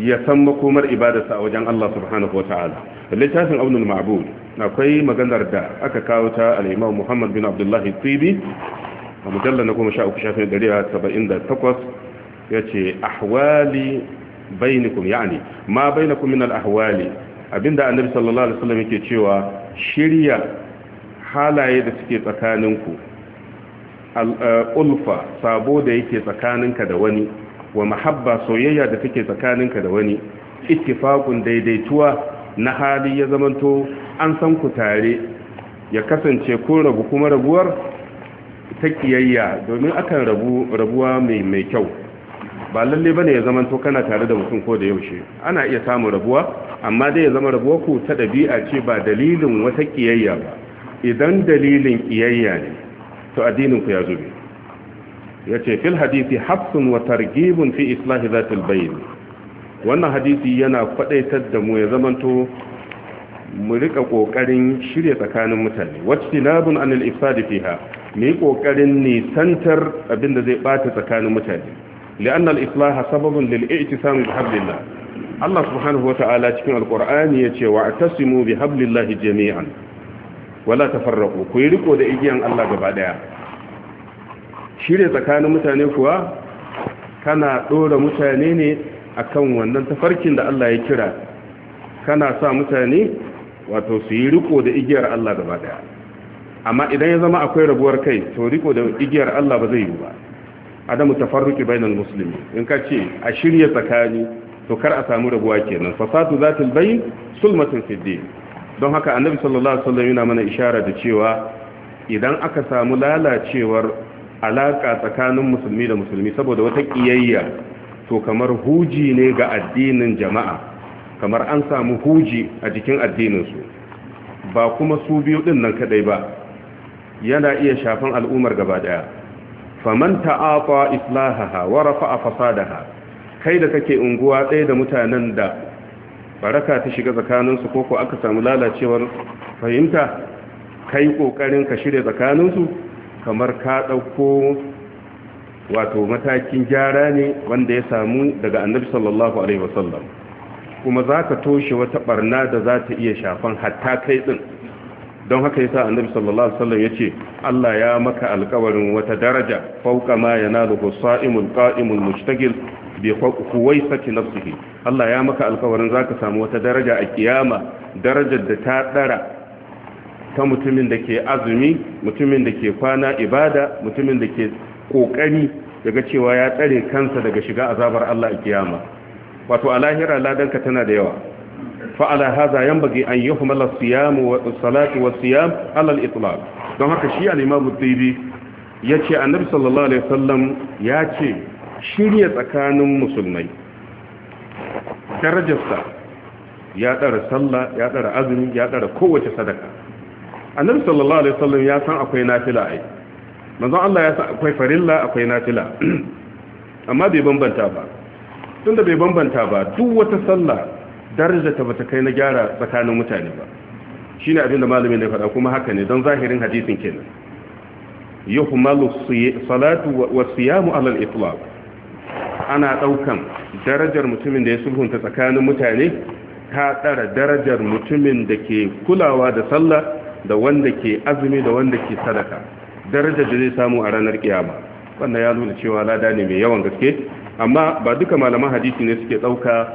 [SPEAKER 1] ya san makomar ibadarsa a wajen Allah subhanahu wata'ala littafin abnul ma'bud akwai maganar da aka kawo ta al-imam Muhammad bin Abdullah Tibi a mujalla na 13 shafin 178 yace ahwali bainakum yani ma bainakum min al-ahwali abinda annabi sallallahu alaihi wasallam yake cewa shirya halaye da suke tsakaninku uh, ulfa sabo da yake tsakaninka da wani wa mahabba soyayya da take tsakaninka da wani ittifaqun daidaituwa na hali ya zamanto an san ku tare ya kasance ko rabu kuma rabuwar ta kiyayya domin akan rabu rabuwa mai mai kyau ba lalle bane ya zamanto kana tare da mutum ko da yaushe ana iya samun rabuwa amma dai ya zama rabuwa ku ta dabi'a ce ba dalilin wata kiyayya ba idan dalilin kiyayya ne to addinin ku ya zube Ya ce fil hadisi hafsun wa targhibun fi islahi zatil bayn wannan hadisi yana kwadaitar da mu ya zamanto mu rika kokarin shirye tsakanin mutane wajtinabun anil ifsad fiha mu kokarin nisantar abinda zai bata tsakanin mutane li'anna al-islaha sababun lil i'tisam bi hablillah Allah subhanahu wata'ala cikin alqur'ani yace wa'tasimu bi hablillahi jami'an wala tafarraqu ku riko da igiyan Allah gaba daya shirya tsakanin mutane kuwa kana ɗora mutane ne akan wannan tafarkin da Allah ya kira kana sa mutane wato su yi riko da igiyar Allah gaba daya amma idan ya zama akwai rabuwar kai to riko da igiyar Allah ba zai yi ba adamu tafarruki bainal muslimin in ka ce a shirya tsakani to kar a samu rabuwa kenan fasatu zatul bayn sulmatun fid don haka annabi sallallahu alaihi wasallam yana mana ishara da cewa idan aka samu lalacewar alaka tsakanin musulmi da musulmi saboda wata kiyayya to kamar huji ne ga addinin jama'a kamar an samu huji a jikin addininsu ba kuma su biyu din nan kadai ba yana iya shafan al'ummar gaba daya faman ta'afa islahaha wa rafa'a fasadaha kai da kake unguwa ɗaya da mutanen da baraka ta shiga tsakaninsu ko koko aka samu lalacewar fahimta kai kokarin ka shirya tsakaninsu kamar ka ɗauko wato matakin gyara ne wanda ya samu daga annabi sallallahu alaihi wasallam kuma za ka toshe wata barna da za ta iya shafan hatta kai ɗin don haka yasa annabi sallallahu alaihi wasallam yace Allah ya maka alkawarin wata daraja fauka ma yanaluhu sa'imul qa'imul mustaqil bi huwaisati nafsihi Allah ya maka za zaka samu wata daraja a kiyama darajar da ta dara ta mutumin da ke azumi mutumin da ke kwana ibada mutumin da ke ƙoƙari, daga cewa ya tsare kansa daga shiga azabar Allah a kiyama wato a lahira ladanka tana da yawa fa'ala haza yan bagi an yi humala siyamu wa salatu wa siyam alal itlaq don haka shi al-imamu tibi ya ce annabi sallallahu alaihi wasallam ya ce shirya tsakanin musulmai darajarsa ya ɗara sallah ya ɗara azumi ya ɗara kowace sadaka annabi sallallahu alaihi wasallam ya san akwai nafila ai manzon Allah ya san akwai farilla akwai nafila amma bai bambanta ba tunda bai bambanta ba duk wata sallah daraja ta bata kai na gyara tsakanin mutane ba shine abin da malamin ya faɗa kuma haka ne don zahirin hadisin kenan yuhmalu salatu wa siyamu ala al-itlaq ana daukan darajar mutumin da ya sulhunta tsakanin mutane ta dara darajar mutumin da ke kulawa da sallah da wanda ke azumi da wanda ke sadaka darajar da zai samu a ranar kiyama wannan ya nuna cewa lada ne mai yawan gaske amma ba duka malaman hadisi ne suke dauka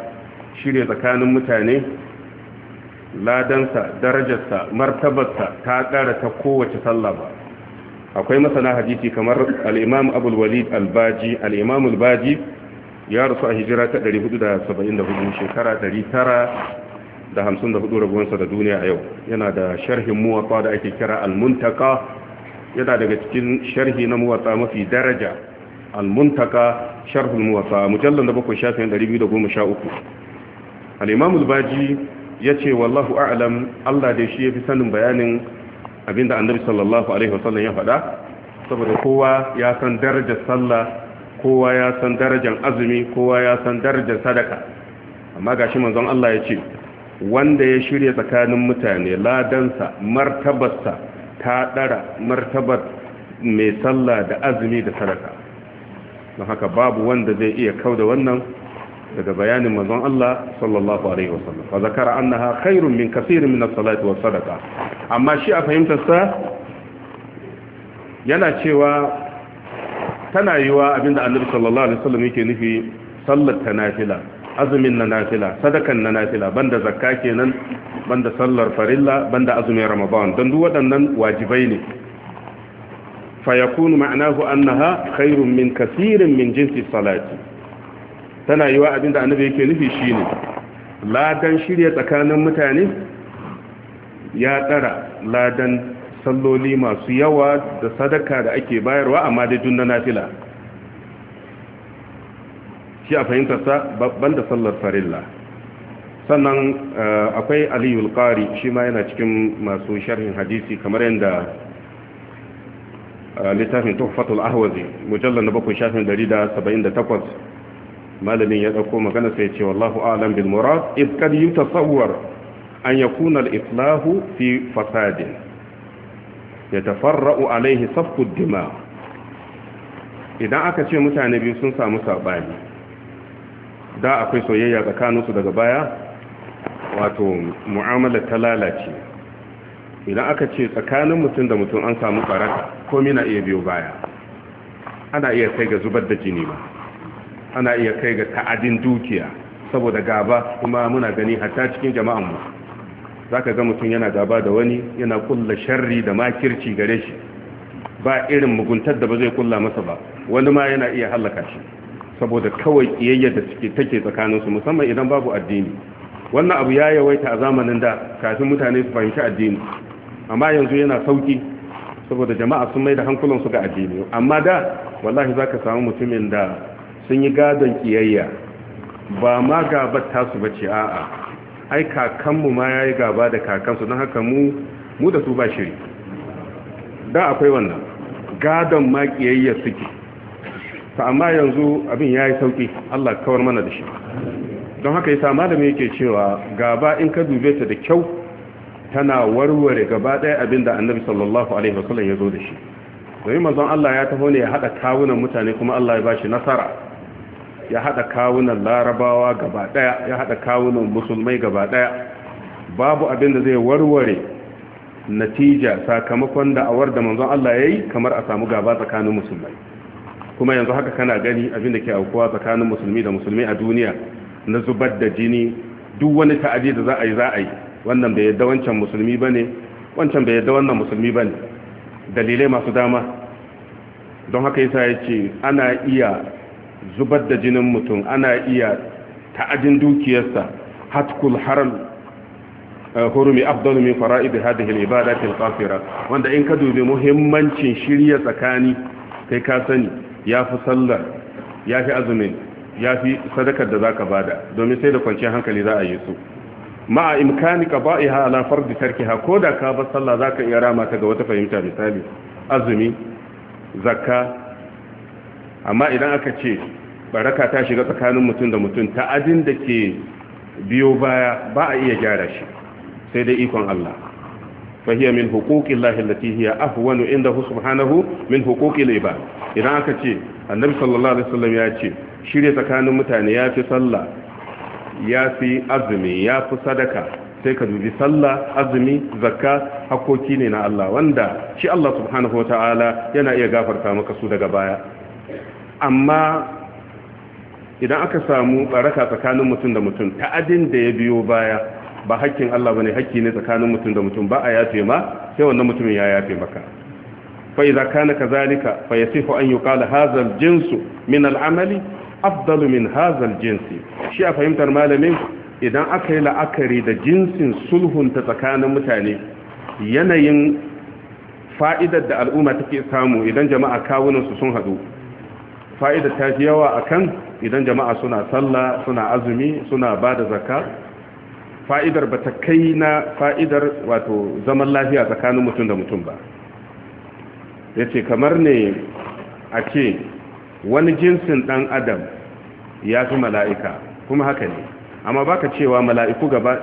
[SPEAKER 1] shirya tsakanin mutane ladansa darajarsa martabarsa ta ƙara ta kowace sallah ba akwai masana hadisi kamar abu abul walid albaji al albaji ya rasu a hijira ta 474 shekara da hamsin da hudu rabuwansa da duniya a yau yana da sharhin muwatsa da ake kira almuntaka yana daga cikin sharhi na muwatsa mafi daraja almuntaka sharhul muwatsa mujallar da bakwai da goma sha uku al'imamul baji ya ce wallahu a'alam allah da shi ya fi sanin bayanin abinda annabi sallallahu alaihi wasallam ya faɗa saboda kowa ya san darajar sallah kowa ya san darajar azumi kowa ya san darajar sadaka amma gashi manzon allah ya ce wanda ya shirya tsakanin mutane ladansa martabarsa ta ɗara martabar mai sallah da azumi da sadaka na haka babu wanda zai iya kau da wannan daga bayanin mazan Allah sallallahu alaihi wasallam fa zakara annaha khairun min kaseerin min as-salati was sadaqa amma shi a fahimtar yana cewa tana yiwa abinda Annabi sallallahu alaihi wasallam yake nufi sallar ta tanafila azumin na nafila sadakan na nafila banda zakka kenan banda sallar farilla banda azumin ramadan don duk waɗannan wajibai ne fayakunu ma'anahu annaha khairun min kasirin min jinsi salati tana yiwa abinda annabi yake nufi shine ladan shirya tsakanin mutane ya tsara ladan salloli masu yawa da sadaka da ake bayarwa amma madadun na nafila shi a fahimtarsa babban da sallar farilla sannan eh, akwai Aliyu ƙari shi ma yana cikin masu sharhin hadisi kamar yadda eh, littafin tuhfatul ahwazi mujallar na bakwai shafin 178 malamin ya ɗauko magana sai ce wallahu alam bil murad iz kad yutasawwar an ya kunar islahu fi fasadin tafarra'u alaihi safku dima idan aka ce mutane biyu sun samu saɓani. da akwai soyayya tsakaninsu daga baya wato mu'amala ta lalace idan aka ce tsakanin mutum da mutum an samu baraka komi na iya biyo baya ana iya kai ga zubar da jini ba ana iya kai ga ta'adin dukiya saboda gaba kuma muna gani hatta cikin jama'an jama'anmu zaka ga mutum yana gaba da wani yana kulla sharri da makirci gare shi ba irin muguntar da ba zai kulla masa ba wani ma yana iya hallaka shi saboda kawai kiyayyar da suke take tsakaninsu musamman idan babu addini wannan abu ya yawaita a zamanin da kafin mutane su fahimci addini amma yanzu yana sauki saboda jama'a sun mai da hankulansu ga addini amma da wallahi za ka samu mutumin da sun yi gadon kiyayya ba ma gabar tasu ba ce a'a ai kakanmu ma ya yi gaba da kakansu don haka mu mu da su ba shiri da akwai wannan gadon ma kiyayya suke ta amma yanzu abin ya yi sauƙi, Allah kawar mana da shi don haka yasa malamin yake cewa gaba in ka dube ta da kyau tana warware gaba ɗaya abinda annabi sallallahu alaihi wasallam ya zo da shi domin manzon Allah ya taho ne ya haɗa kawunan mutane kuma Allah ya bashi nasara ya haɗa kawunan larabawa gaba ɗaya ya haɗa kawunan musulmai gaba ɗaya babu da zai warware natija sakamakon da da'awar da manzon Allah ya yi kamar a samu gaba tsakanin musulmai kuma yanzu haka kana gani abin da ke aukuwa tsakanin musulmi da musulmi a duniya na zubar da jini duk wani ta'adi da za a yi za a yi wannan bai yadda wancan musulmi ba ne wancan bai yadda wannan musulmi ba ne dalilai masu dama don haka yasa ya ce ana iya zubar da jinin mutum ana iya ta'adin dukiyarsa hatkul haram eh, hurumi afdalu min fara'id hadhihi al al wanda in ka dubi muhimmancin shirya tsakani kai ka sani ya fi sallar ya fi azumin ya fi sadakar da za ka bada domin sai da kwanciyar hankali za a yi su ma'a imkani ka ba'i ha ala fardi tarki ha ko da ka ba sallah za ka iya rama ta ga wata fahimta misali azumi zakka amma idan aka ce baraka ta shiga tsakanin mutum da mutum ta ta'adin da ke biyo baya ba a iya gyara shi sai dai ikon Allah فهي من حقوق الله التي هي أهون عنده سبحانه من حقوق العباد إذا أكتي النبي صلى الله عليه وسلم يأتي شيري تكان متاني يا في صلى يا في أزمي يا صدقة sai ka dubi sallah azumi zakka hakoki ne na Allah wanda shi Allah subhanahu wataala yana iya gafarta maka su daga baya amma idan aka samu baraka tsakanin mutum da mutum ta'adin da ya biyo baya ba hakkin Allah bane hakki ne tsakanin mutum da mutum ba a yafe ma sai wannan mutumin ya yafe maka fa idza kana kadhalika fa yasihu an yuqala hadha al-jinsu min al-amali afdalu min hadha al-jinsi shi a fahimtar malamin idan aka yi la'akari da jinsin sulhun ta tsakanin mutane yanayin fa'idar da al'umma take samu idan jama'a kawunansu sun haɗu fa'idar ta fi yawa akan idan jama'a suna sallah suna azumi suna ba da zakka fa'idar ba ta kai na fa'idar wato zaman lafiya tsakanin mutum da mutum ba ya ce kamar ne a ce wani jinsin ɗan adam ya fi mala'ika kuma haka ne amma baka cewa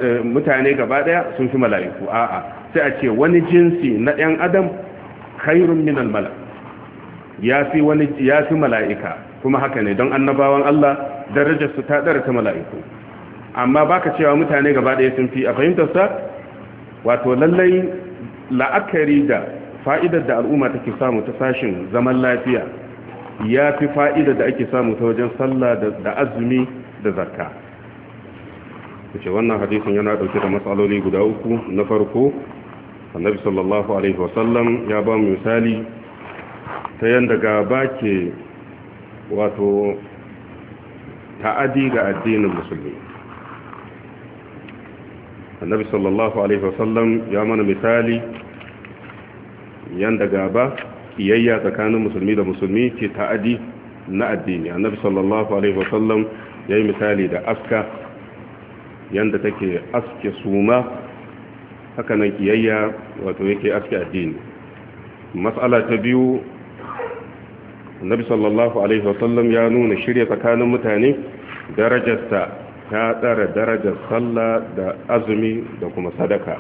[SPEAKER 1] eh, mutane gaba ɗaya sun fi mala'iku a'a sai a ce wani jinsi na ɗan adam kairun minan mala ya fi mala'ika kuma haka ne don annabawan Allah darajarsu ta ɗara ta mala'iku amma baka cewa mutane gaba ɗaya sun fi a fahimtarsa wato lallai la'akari da fa'idar da al'umma take samu ta sashin zaman lafiya ya fi fa'idar da ake samu ta wajen sallah da azumi da zakka ce wannan hadisin yana ɗauke da matsaloli guda uku na farko annabi sallallahu alaihi wasallam ya ba mu misali ta yadda gaba ke wato ta'adi ga addinin musulmi annabi sallallahu alaihi wasallam ya mana misali yanda gaba kiyayya tsakanin musulmi da musulmi ke ta'adi na addini annabi sallallahu alaihi wasallam ya yi misali da aska yanda take aske suma haka nan kiyayya wato yake aske addini matsala ta biyu annabi sallallahu alaihi wasallam ya nuna shirya tsakanin mutane darajarsa ta tsara darajar sallah da azumi da kuma sadaka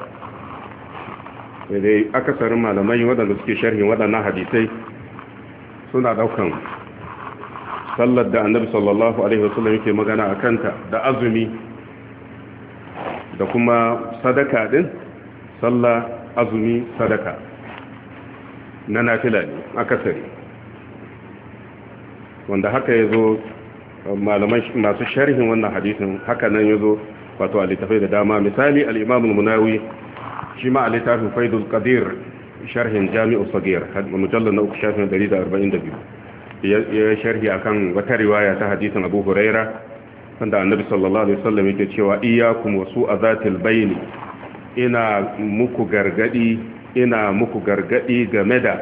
[SPEAKER 1] dai akasarin malamai waɗanda suke sharhin waɗannan hadisai suna ɗaukan sallar da annabi sallallahu alaihi wasallam yake magana a kanta da azumi da kuma sadaka din sallah azumi sadaka na nafila ne akasari wanda haka ya zo malaman masu sharhin wannan hadisin haka nan yazo wato a littafai da dama misali al-imam al-munawi shi ma a littafin faidul qadir sharhin jami'u sagir mujallal na uku shafin 142 ya sharhi akan wata riwaya ta hadisin abu huraira wanda annabi sallallahu alaihi wasallam yake cewa iyyakum wa su'azatil bayn ina muku gargadi ina muku gargadi game da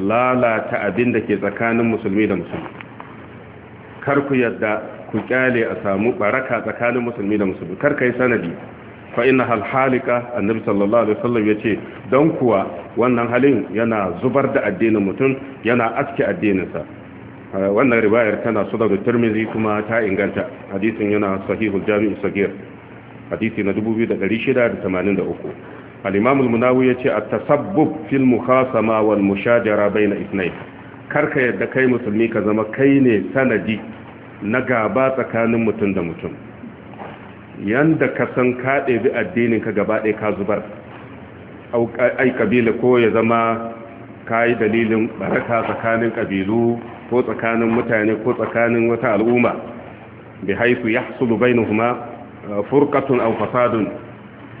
[SPEAKER 1] lalata abin da ke tsakanin musulmi da musulmi kar ku yadda ku kyale a samu baraka tsakanin musulmi da musulmi kar kai sanadi fa inna hal halika annabi sallallahu alaihi wasallam yace dan kuwa wannan halin yana zubar da addinin mutum yana aske addininsa eh, wannan riwayar tana sunan tirmizi kuma ta inganta hadisin yana sahihul jami'u sagir hadisi na 2683 al-imam al-munawi yace at-tasabbub fil mukhasama wal mushajara bayna ithnayn karka yadda kai musulmi ka zama kai ne sanadi na gaba tsakanin mutum da mutum yanda ka san ka bi addinin ka gaba ɗaya ka zubar ai ƙabila ko ya zama ka yi dalilin baraka tsakanin ƙabilu ko tsakanin mutane ko tsakanin wata al'umma bi haifu ya sulu kuma uh, furkatun fasadun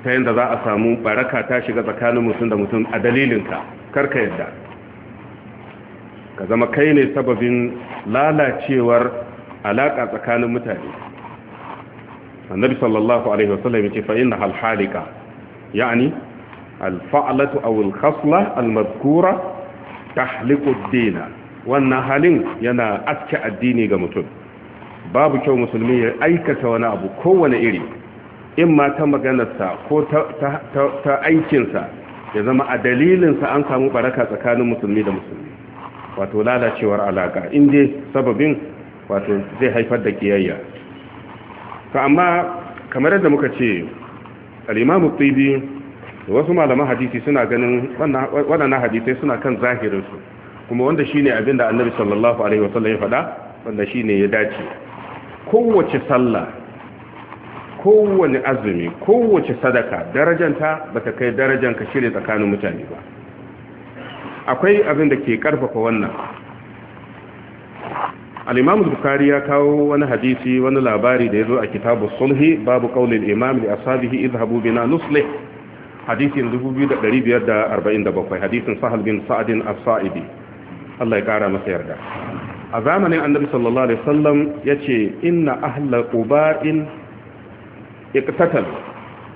[SPEAKER 1] ta yadda za a samu baraka ta shiga tsakanin mutum da mutum a dalilinka karka yadda ka zama kai ne sababin lalacewar alaƙa tsakanin mutane annabi sallallahu alaihi wasallam yace fa inna hal halika yani al fa'latu aw al khasla al madhkura tahliqu ad wannan halin yana aske addini ga mutum babu kyau musulmi ya aikata wani abu kowane iri in ma ta maganarsa ko ta aikinsa ya zama a dalilinsa an samu baraka tsakanin musulmi da musulmi wato lalacewar alaka inda sababin wato zai haifar da kiyayya to amma kamar yadda muka ce al'imamu imamu da wasu malaman hadisi suna ganin waɗannan hadisai suna kan zahirinsu kuma wanda shine abin da annabi sallallahu alaihi wasallam ya faɗa wanda shine ya dace kowace sallah kowane azumi kowace sadaka darajanta bata kai darajan ka shirya tsakanin mutane ba akwai abin da ke karfafa wannan al-imam bukhari ya kawo wani hadisi wani labari da ya zo a kitabu sulhi babu qaulil imam li ashabihi idhhabu bina nuslih hadisin 2547 hadisin sahal bin sa'adin as-sa'idi Allah ya kara masa yarda a zamanin annabi sallallahu alaihi wasallam yace inna ahla quba'in iqtatal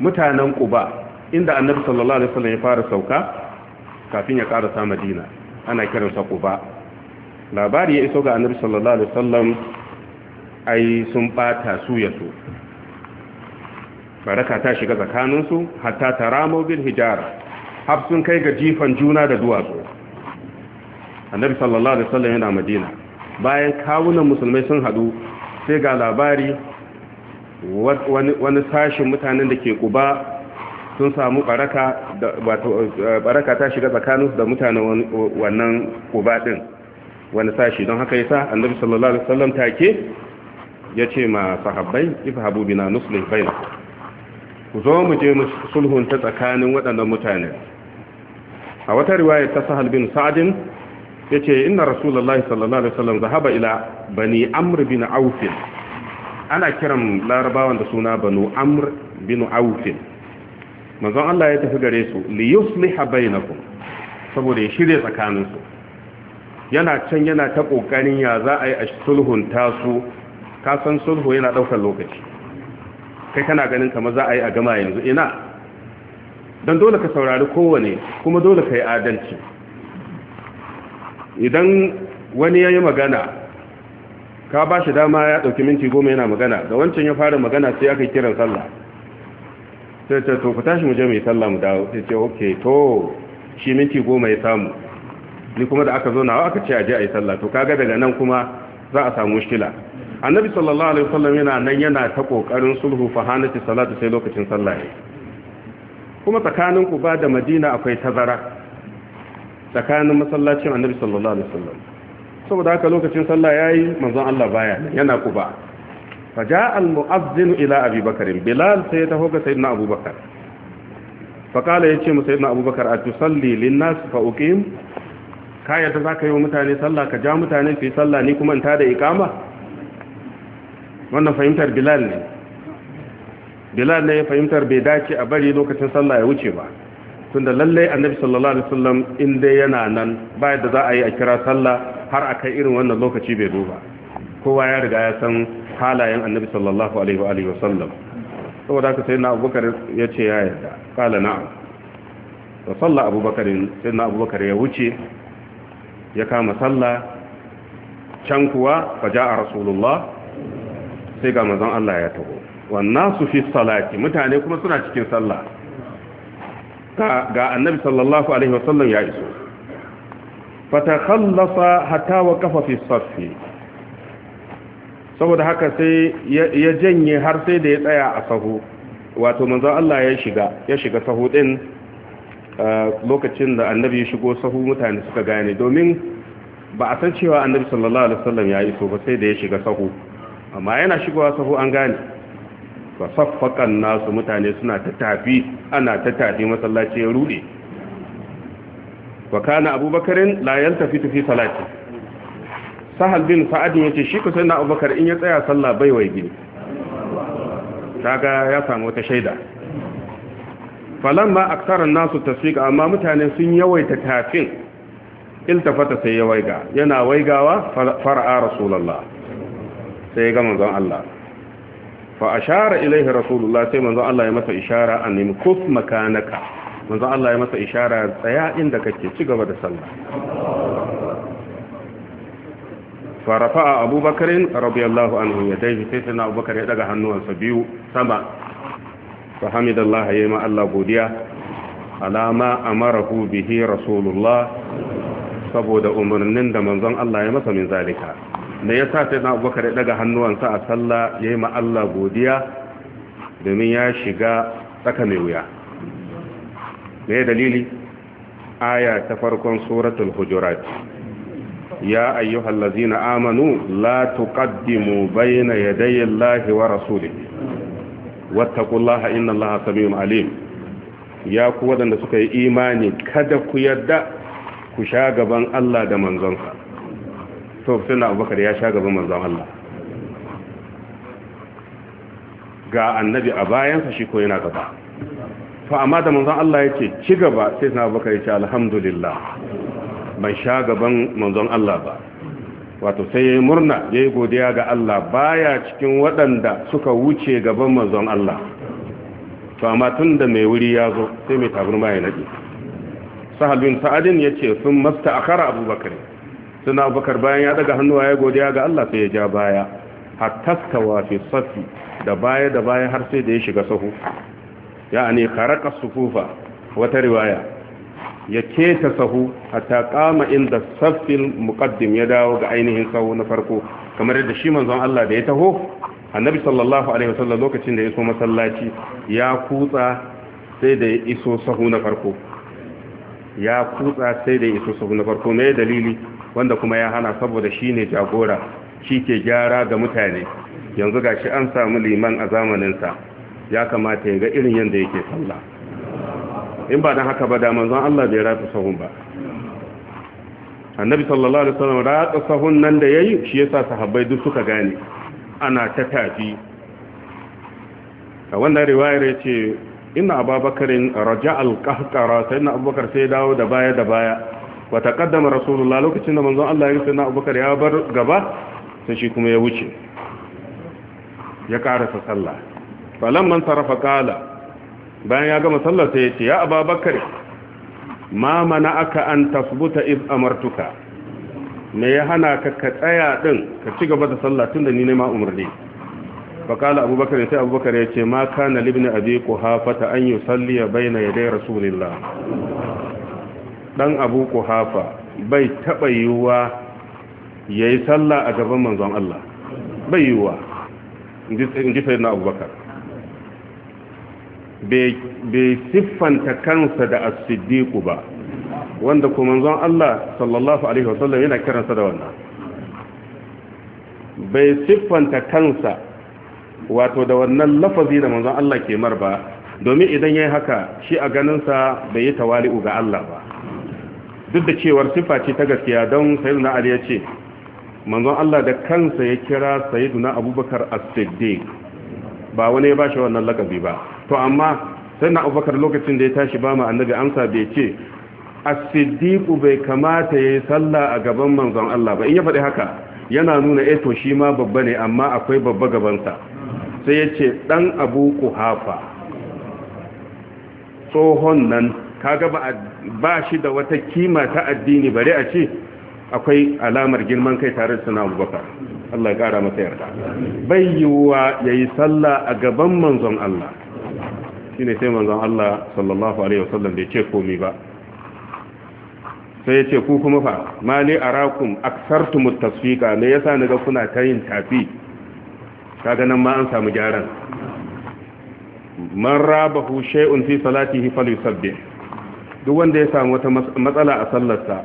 [SPEAKER 1] mutanen quba inda annabi sallallahu alaihi wasallam ya fara sauka kafin ya karasa madina ana kiransa quba labari ya iso ga annabi sallallahu alaihi wasallam ai sun bata su ya so baraka ta shiga su hatta taramo bil hijara har sun kai ga jifan juna da duwatsu annabi sallallahu alaihi wasallam yana madina bayan kawunan musulmai sun hadu sai ga labari wani sashin mutanen da ke kuba sun samu baraka eh, ta shiga tsakanin da mutane wannan uba din wani sashi don haka yasa annabi sallallahu alaihi wasallam take ce ma sahabbai ifhabu bina nuslih bainakum ku zo mu je mu sulhunta tsakanin waɗannan mutane a wata riwaya ta sahal bin sa'adin ya ce inna rasulallah sallallahu alaihi wasallam zahaba ila bani amr bin aufin ana kiran larabawan da suna banu amr bin aufin manzon Allah ya tafi gare su li yusliha bainakum saboda ya shirye tsakaninsu yana can yana ta kokarin ya za a yi a sulhun tasu ka san sulhu yana daukar lokaci kai kana ganin kamar za a yi a gama yanzu ina don dole ka saurari kowane kuma dole ka yi adalci idan wani ya yi magana ka ba shi dama ya ɗauki minti goma yana magana da wancan ya fara magana sai aka kiran sallah sai ce to ku tashi mu je mu yi sallah mu dawo sai ce okay to shi minti goma ya samu ni kuma da aka zo nawa aka ce a je a yi sallah to kaga daga nan kuma za a samu mushkila annabi sallallahu alaihi wasallam yana nan yana ta kokarin sulhu fa hanati salatu sai lokacin sallah kuma tsakanin ku ba da madina akwai tazara tsakanin masallacin annabi sallallahu alaihi wasallam saboda haka lokacin sallah yayi manzon Allah baya yana ba فجاء المؤذن الى ابي بكر بلال سيتهوك سيدنا ابو بكر فقال يجي سيدنا ابو بكر اتصلي للناس فأقيم كاية ذاك يوم متاني صلى كجا متاني في صلى كما انت هذا اقامه wannan fahimtar bilal ne bilal ne ya fahimtar bai dace a bari lokacin sallah ya wuce ba tunda lallai annabi sallallahu alaihi wasallam in dai yana nan ba da za a yi a kira sallah har akai irin wannan lokaci bai duba kowa ya riga ya san halayen annabi sallallahu alaihi wa alihi wasallam saboda haka sai na abubakar ya ce ya yarda kala na'am da sallah abubakar sai na abubakar ya wuce ya kama sallah can kuwa faja a rasulullah sai ga mazan Allah ya taho wannan su fi salati mutane kuma suna cikin sallah ga annabi sallallahu alaihi wasallam ya iso fatakhallasa hatta waqafa fi saffi saboda haka sai ya janye har sai da ya tsaya a sahu wato manzan Allah ya shiga ya shiga sahu din uh, lokacin da annabi ya shigo sahu mutane suka gane domin ba a san cewa annabi sallallahu alaihi wasallam ya iso ba sai da ya shiga sahu amma yana shigowa sahu an gane ba saffakan nasu mutane suna ta tafi ana ta tafi masallaci ya rude wa kana abubakarin la yaltafitu fi salati sahal bin fa'adin ce shi ko na abubakar in ya tsaya sallah bai wai gini kaga ya samu wata shaida ma aktaran nasu tasfiq amma mutane sun yawaita tafin iltafata sai ya waiga yana waigawa fara'a rasulallah sai ga manzon Allah fa ashara ilaihi rasulullah sai manzon Allah ya masa ishara an nim kuf makanaka manzon Allah ya masa ishara tsaya inda kake ci gaba da sallah farafa abubakarin radiyallahu an ya dai sai sai abubakar ya daga hannuwansa biyu sama fa hamidallah ya ma Allah godiya alama amarahu bihi rasulullah saboda umarnin da manzon Allah ya masa min zalika da ya sa sai abubakar ya daga hannuwansa a sallah ya ma Allah godiya domin ya shiga tsaka mai wuya me dalili aya ta farkon suratul hujurat يا أيها الذين آمنوا لا تقدموا بين يدي الله ورسوله واتقوا الله إن الله سميع عليم يا قوة نسك إيماني كدك يدى كشاق بان الله دمان زنك توب سنة أبو بكر يا شاق بان زن الله ga annabi a bayansa shi ko yana gaba fa amma da manzon Allah yake ci gaba sai na baka yace alhamdulillah ban sha gaban manzon Allah ba wato sai yayi murna yayi godiya ga Allah baya cikin waɗanda suka wuce gaban manzon Allah to amma da mai wuri ya zo sai mai tabarma ya nade sahal bin sa'adin ce sun masta akara abubakar suna abubakar bayan ya daga hannuwa ya godiya ga Allah sai ya ja baya hatta stawa fi safi da baya da baya har sai da ya shiga sahu ya ya'ani kharaqa sufufa wata riwaya ya ta sahu atakama kama inda saffin muƙaddim ya dawo ga ainihin sahu na farko kamar yadda shi manzon Allah da ya taho annabi sallallahu alaihi wasallam lokacin da ya so masallaci ya kutsa sai da ya iso sahu na farko ya kutsa sai da ya iso sahu na farko ne dalili wanda kuma ya hana saboda shine jagora shi ke gyara ga mutane yanzu gashi an samu liman a zamaninsa sa ya kamata ya ga irin yanda yake sallah in ba dan haka ba da manzon Allah bai ratsa sahun ba annabi sallallahu alaihi wasallam ratsa sahun nan da yayi shi yasa sahabbai duk suka gane ana ta tafi a wannan riwayar yace inna ababakarin raja alqahqara sai na abubakar sai dawo da baya da baya wa taqaddama rasulullah lokacin da manzon Allah ya sayyidina abubakar ya bar gaba sai shi kuma ya wuce ya karasa sallah falamman sarafa qala bayan ya gama sallar sai ce ya Abubakar? ma mana aka an tasbuta iz amartuka me ya hana ka ka tsaya din ka ci gaba da sallah tunda ni ne ma umarni faqala abubakar sai abubakar ya ce ma kana libni abi quhafa ta an yusalli bayna yaday rasulillah dan abu quhafa bai taba yiwa yayi sallah a gaban manzon Allah bai yiwa inji sai inji sai na abubakar bai siffanta kansa da as ba wanda kuma manzon Allah sallallahu alaihi wasallam yana kiransa da wannan bai siffanta kansa wato da wannan lafazi da manzon Allah ke mar ba domin idan yayi haka shi a ganinsa sa bai yi tawali'u ga Allah ba duk da cewar siffa ce ta gaskiya don sayyidina Ali ya ce manzon Allah da kansa ya kira na Abubakar as-Siddiq ba wani ya bashi wannan lakabi ba to amma sai na abubakar lokacin da ya tashi ba annabi amsa bai ce Asidiku bai kamata ya yi sallah a gaban manzon Allah ba in ya faɗi haka yana nuna eto eh, shi ma babba ne amma akwai babba gabansa sai ya ce ɗan Abu ku hafa, tsohon nan kaga ba ba shi da wata kima ta addini bare a ce akwai alamar girman kai tare da sana Abubakar Allah ya ƙara masa yarda bai yiwuwa yi sallah a gaban manzon Allah shine sai manzon Allah sallallahu alaihi wasallam bai ce komai ba sai ya ce ku kuma fa mali arakum ne ya sa yasa ga kuna ta yin tafi kaga nan ma an samu gyaran man rabahu shay'un fi salatihi falyusabbih duk wanda ya samu wata matsala a sallarsa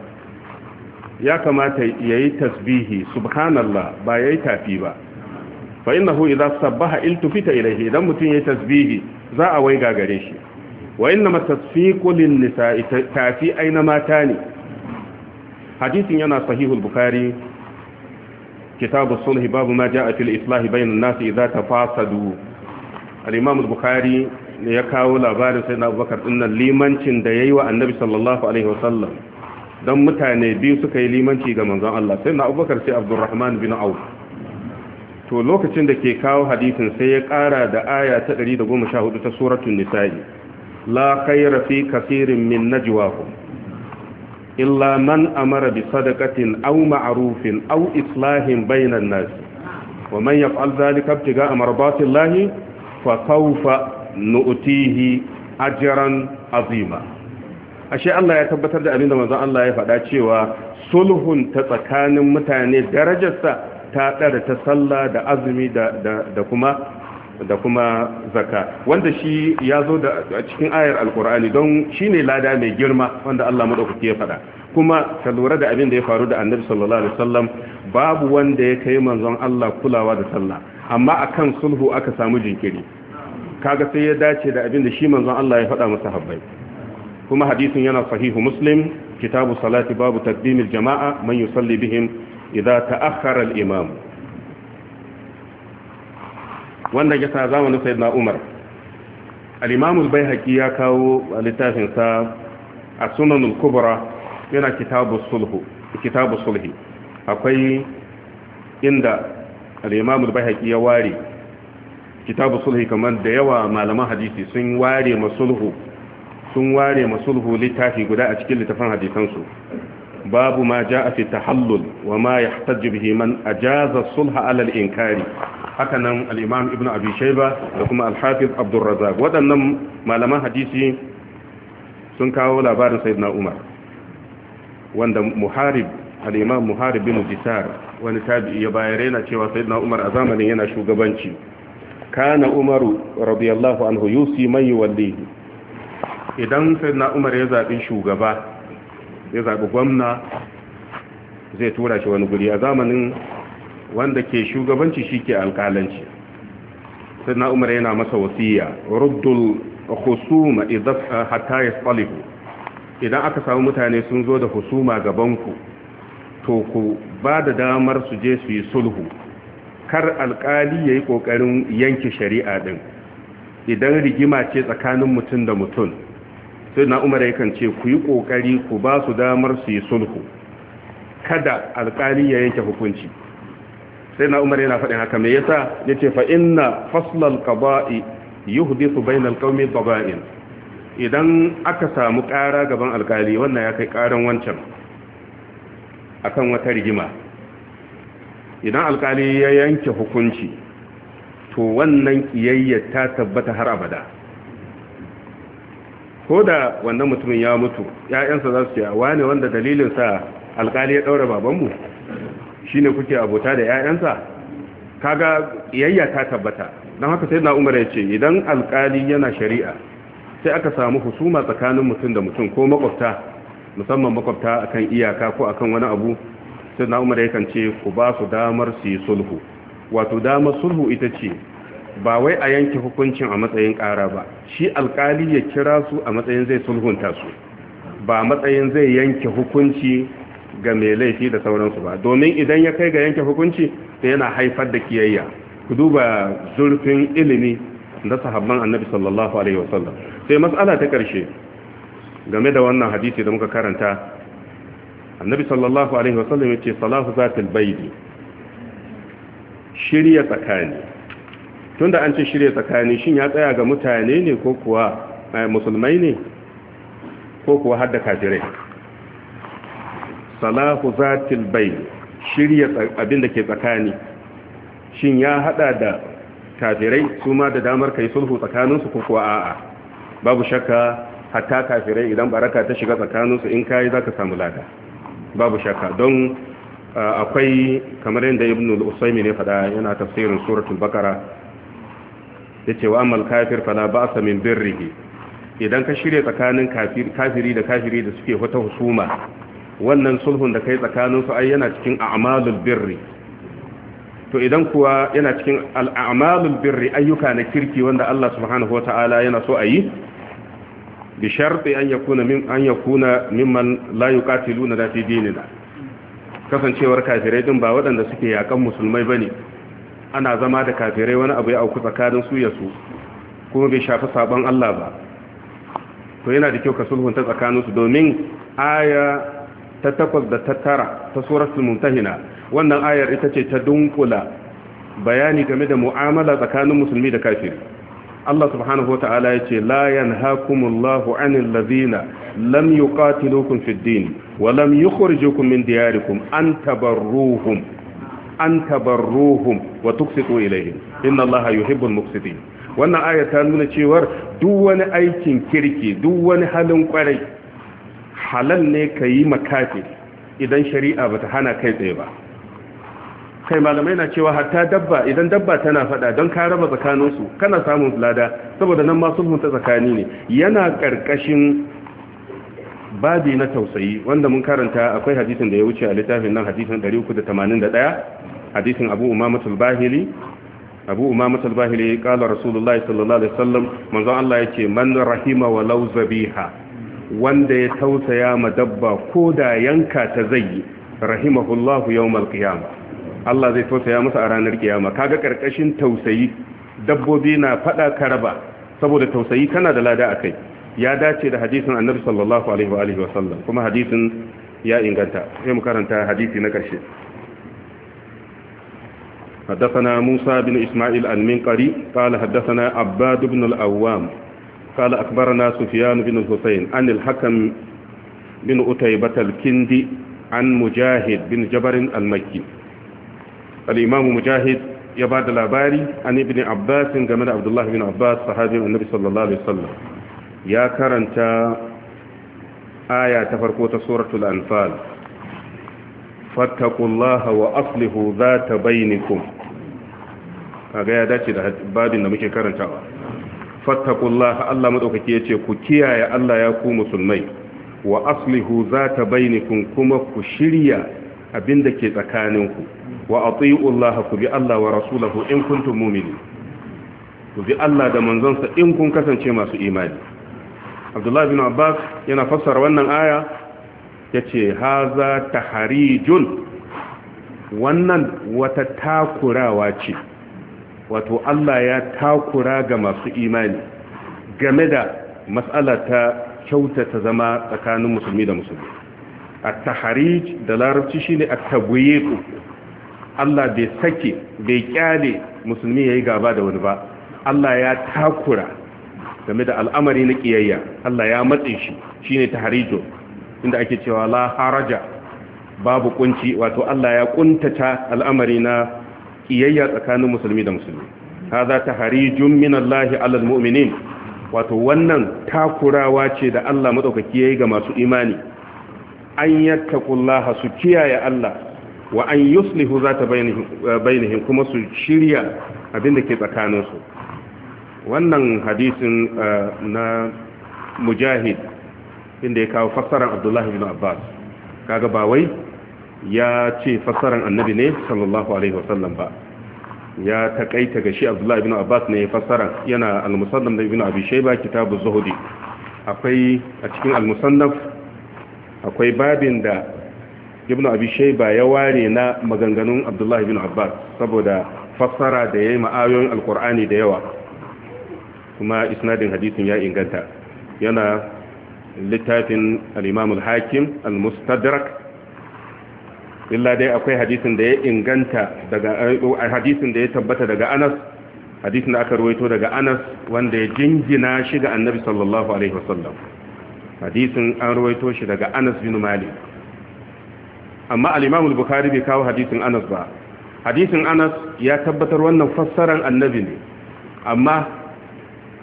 [SPEAKER 1] ya kamata yayi tasbihi subhanallah ba yayi tafi ba fa innahu idza sabbaha iltufita ilayhi idan mutun yayi tasbihi za a waiga gare shi wa innama tasfiqu lin nisa'i tafi aina mata ne hadisin yana sahihul bukhari kitabu sulh babu ma ja'a fil Islahi bainan nas idza tafasadu al-imam al-bukhari ne ya kawo labarin sayyidina abubakar dinnan limancin da yayi wa annabi sallallahu alaihi wasallam dan mutane biyu suka yi limanci ga manzon Allah sayyidina abubakar sai abdurrahman bin auf to lokacin da ke kawo hadisin sai ya ƙara da aya ta 114 ta suratul nisa'i la khayra fi kaseerin min najwahum illa man amara bi sadaqatin aw ma'rufin aw islahin bainan nas wa man yaf'al dhalika ibtigaa marbatillahi fa sawfa nu'tihi ajran azima ashe Allah ya tabbatar da abinda manzon Allah ya faɗa cewa sulhun ta tsakanin mutane darajarsa ta ɗara ta sallah da azumi da kuma da kuma zaka wanda shi ya zo da cikin ayar alkur'ani don shi ne lada mai girma wanda Allah maɗaukaki ya faɗa kuma ka lura da abin da ya faru da annabi sallallahu alaihi wasallam babu wanda ya kai manzon Allah kulawa da sallah amma akan sulhu aka samu jinkiri kaga sai ya dace da abin da shi manzon Allah ya faɗa masa habbai kuma hadisin yana sahihu muslim kitabu salati babu taqdimil jama'a man yusalli bihim Ida ta al-imam wanda ya sa zamanin na Umar al bai al ya kawo littafinsa a as-sunan kubra yana kitabu sulhu sulhi akwai inda al bai al ya ware kitabu sulhi kamar da yawa malaman hadisi sun ware masulhu sun ware masulhu littafi guda a cikin littafin hadisansu babu ma ja'a fi tahallul wa ma yahtaju bihi man ajaza sulha alal al-inkari hakanan al ibn abi da kuma al-hafiz Waɗannan razzaq malaman hadisi sun kawo labarin sayyidina umar wanda muharib al muharib bin jisar wani tabi'i ya bayar yana cewa sayyidina umar a zamanin yana shugabanci kana umaru radiyallahu anhu yusi man yuwallihi idan sayyidina umar ya zaɓi shugaba ya zaɓi gwamna zai tura shi wani guri a zamanin wanda ke shugabanci shi ke alƙalanci na umar yana masa wasiya rubdul husuma idan hatta ya idan aka samu mutane sun zo da husuma gabanku to ku ba da damar su je su yi sulhu kar alƙali ya yi ƙoƙarin yanki shari'a ɗin idan rigima ce tsakanin mutum da mutum sai na umar yakan ce ku yi ƙoƙari ku ba su damar su yi sulhu kada alƙali ya yanke hukunci sai na umar yana faɗin haka mai yasa ya ce fa inna faslal qaba'i bai bainal qaumi qaba'in idan aka samu ƙara gaban alƙali wannan ya kai ƙaran wancan akan wata rigima idan alƙali ya yanke hukunci to wannan kiyayyar ta tabbata har abada ko da wannan mutumin ya mutu ‘ya'yansa za su ce a ne wanda dalilinsa alkali ya ɗaura babanmu shi ne kuke abota da ‘ya'yansa kaga yayya ta tabbata don haka sai na umar ya ce idan alkali yana shari'a sai aka samu husuma tsakanin mutum da mutum ko makwabta musamman makwabta akan iyaka ko akan wani abu sai na umar ya kance ku ba su damar su yi sulhu wato damar sulhu ita ce ba wai a yanke hukuncin a matsayin ƙara ba shi alkali ya kira su a matsayin zai sulhunta su ba matsayin zai yanke hukunci ga mai laifi da sauransu ba domin idan ya kai ga yanke hukunci da yana haifar da kiyayya ku duba zurfin ilimi da sahabban annabi sallallahu alaihi wasallam sai mas'ala ta ƙarshe game da wannan hadisi da muka karanta annabi sallallahu alaihi wasallam ya ce salahu zatul baidi shirya tsakani tunda an ce shirya tsakani shin ya tsaya ga mutane ne ko kuwa eh, musulmai ne ko kuwa hadda kafirai salahu zatil bai shirya abin da ke tsakani shin ya hada da kafirai su ma da damar kai sulhu tsakaninsu ko kuwa a'a babu shakka hatta kafirai idan baraka ta shiga tsakaninsu in kayi za ka samu lada babu shakka don eh, akwai kamar yadda ibn al-usaimi ne fada yana tafsirin suratul bakara yace wa amal kafir fala ba'sa min birrihi idan ka shirye tsakanin kafiri da kafiri da suke wata husuma wannan sulhun da kai tsakanin su ai yana cikin a'malul birri to idan kuwa yana cikin al'amalul birri ayyuka na kirki wanda Allah subhanahu wata'ala yana so a yi bi sharti an yakuna min an yakuna mimman la yuqatiluna da fi dinina kasancewar kafirai din ba waɗanda suke yakan musulmai bane ana zama da kafirai wani abu ya auku tsakanin su ya su kuma bai shafi sabon Allah ba to yana da kyau ka sulhunta tsakanin su domin aya ta takwas da ta tara ta suratul mumtahina wannan ayar ita ce ta dunkula bayani game da mu'amala tsakanin musulmi da kafiri Allah subhanahu wata'ala ya ce la yanhaakumullahu 'anil ladhina lam yuqatilukum fid din wa lam yukhrijukum min diyarikum an tabarruhum an tabarruhum wa tuksitu ilaihim inna allaha yuhibbul muqsitin wannan aya ta nuna cewar duk wani aikin kirki duk wani halin kwarai halal ne kayi makafi idan shari'a bata hana kai tsaye ba kai malamai na cewa hatta dabba idan dabba tana fada don ka raba tsakaninsu kana samun lada saboda nan ma sulhun ta tsakani ne yana karkashin babi na tausayi wanda mun karanta akwai hadisin da ya wuce a littafin nan hadisin 381 hadisin Abu Umama al-Bahili Abu Umama al-Bahili kala Rasulullah sallallahu alaihi wasallam manzon Allah yace man rahima walau zabiha wanda ya tausaya ma dabba ko da yanka ta zai rahimahullahu yawmal qiyamah Allah zai tausaya masa a ranar kiyama kaga karkashin tausayi dabbobi na fada karaba saboda tausayi kana da lada akai ya dace da hadisin annabi sallallahu alaihi wa alihi wa sallam kuma hadisin ya inganta sai mu karanta hadisi na karshe حدثنا موسى بن إسماعيل المنقري قال حدثنا عباد بن الأوام قال أخبرنا سفيان بن الحسين عن الحكم بن أتيبة الكندي عن مجاهد بن جبر المكي الإمام مجاهد يبعد الأباري عن ابن عباس جمال عبد الله بن عباس صحابي النبي صلى الله عليه وسلم ya karanta aya ta farko ta suratul anfal fattakullaha wa aslihu zata bainakum kaga ya dace da babin da muke karantawa fattakullaha Allah madaukake yace ku kiyaye Allah ya ku musulmai wa aslihu zata bainakum kuma ku shirya abinda ke tsakaninku wa atiiullaha ku bi Allah wa rasulahu in kuntum mu'minin ku bi Allah da manzonsa in kun kasance masu imani abdullahi bin abbas yana fassara wannan aya ya ce haza taharijun wannan wata takurawa ce wato allah ya takura ga masu imani game da matsala ta kyautata zama tsakanin musulmi da musulmi a taharij da larabci shine a tabuyegu allah bai sake bai kyale musulmi ya yi gaba da wani ba allah ya takura game da al'amari na kiyayya Allah ya matse shi shine tahrijo inda ake cewa la haraja babu kunci wato Allah ya kuntata al'amari na kiyayya tsakanin musulmi da musulmi hadha tahrijun min Allah 'ala muminin wato wannan takurawa ce da Allah madaukaki yayi ga masu imani an yattaqullaha su kiyaye Allah wa an yuslihu zata bainihim kuma su shirya abinda ke tsakaninsu wannan hadisin uh, na mujahid inda ya kawo fassarar abdullahi bin abbas kaga ba wai ya ce fassarar annabi ne sallallahu alaihi wasallam ba ya takaita ga shi abdullahi bin abbas ne fassaran yana al-musannaf da ibn abi shayba kitabu zuhudi akwai a cikin al-musannaf akwai babin da ibn abi shayba ya ware na maganganun abdullahi bin abbas saboda fassara da yayi ma'ayoyin qurani da yawa kuma isnadin hadisin ya inganta yana littafin al-imam al-hakim al-mustadrak illa dai akwai hadisin da ya inganta daga eh, hadisin da ya tabbata daga Anas hadisin da aka ruwaito daga Anas wanda ya jinjina shi ga Annabi sallallahu alaihi wasallam hadisin an ruwaito shi daga Anas bin Malik amma al-Imam al-Bukhari bai kawo hadisin Anas ba hadisin Anas ya tabbatar wannan fassaran Annabi ne amma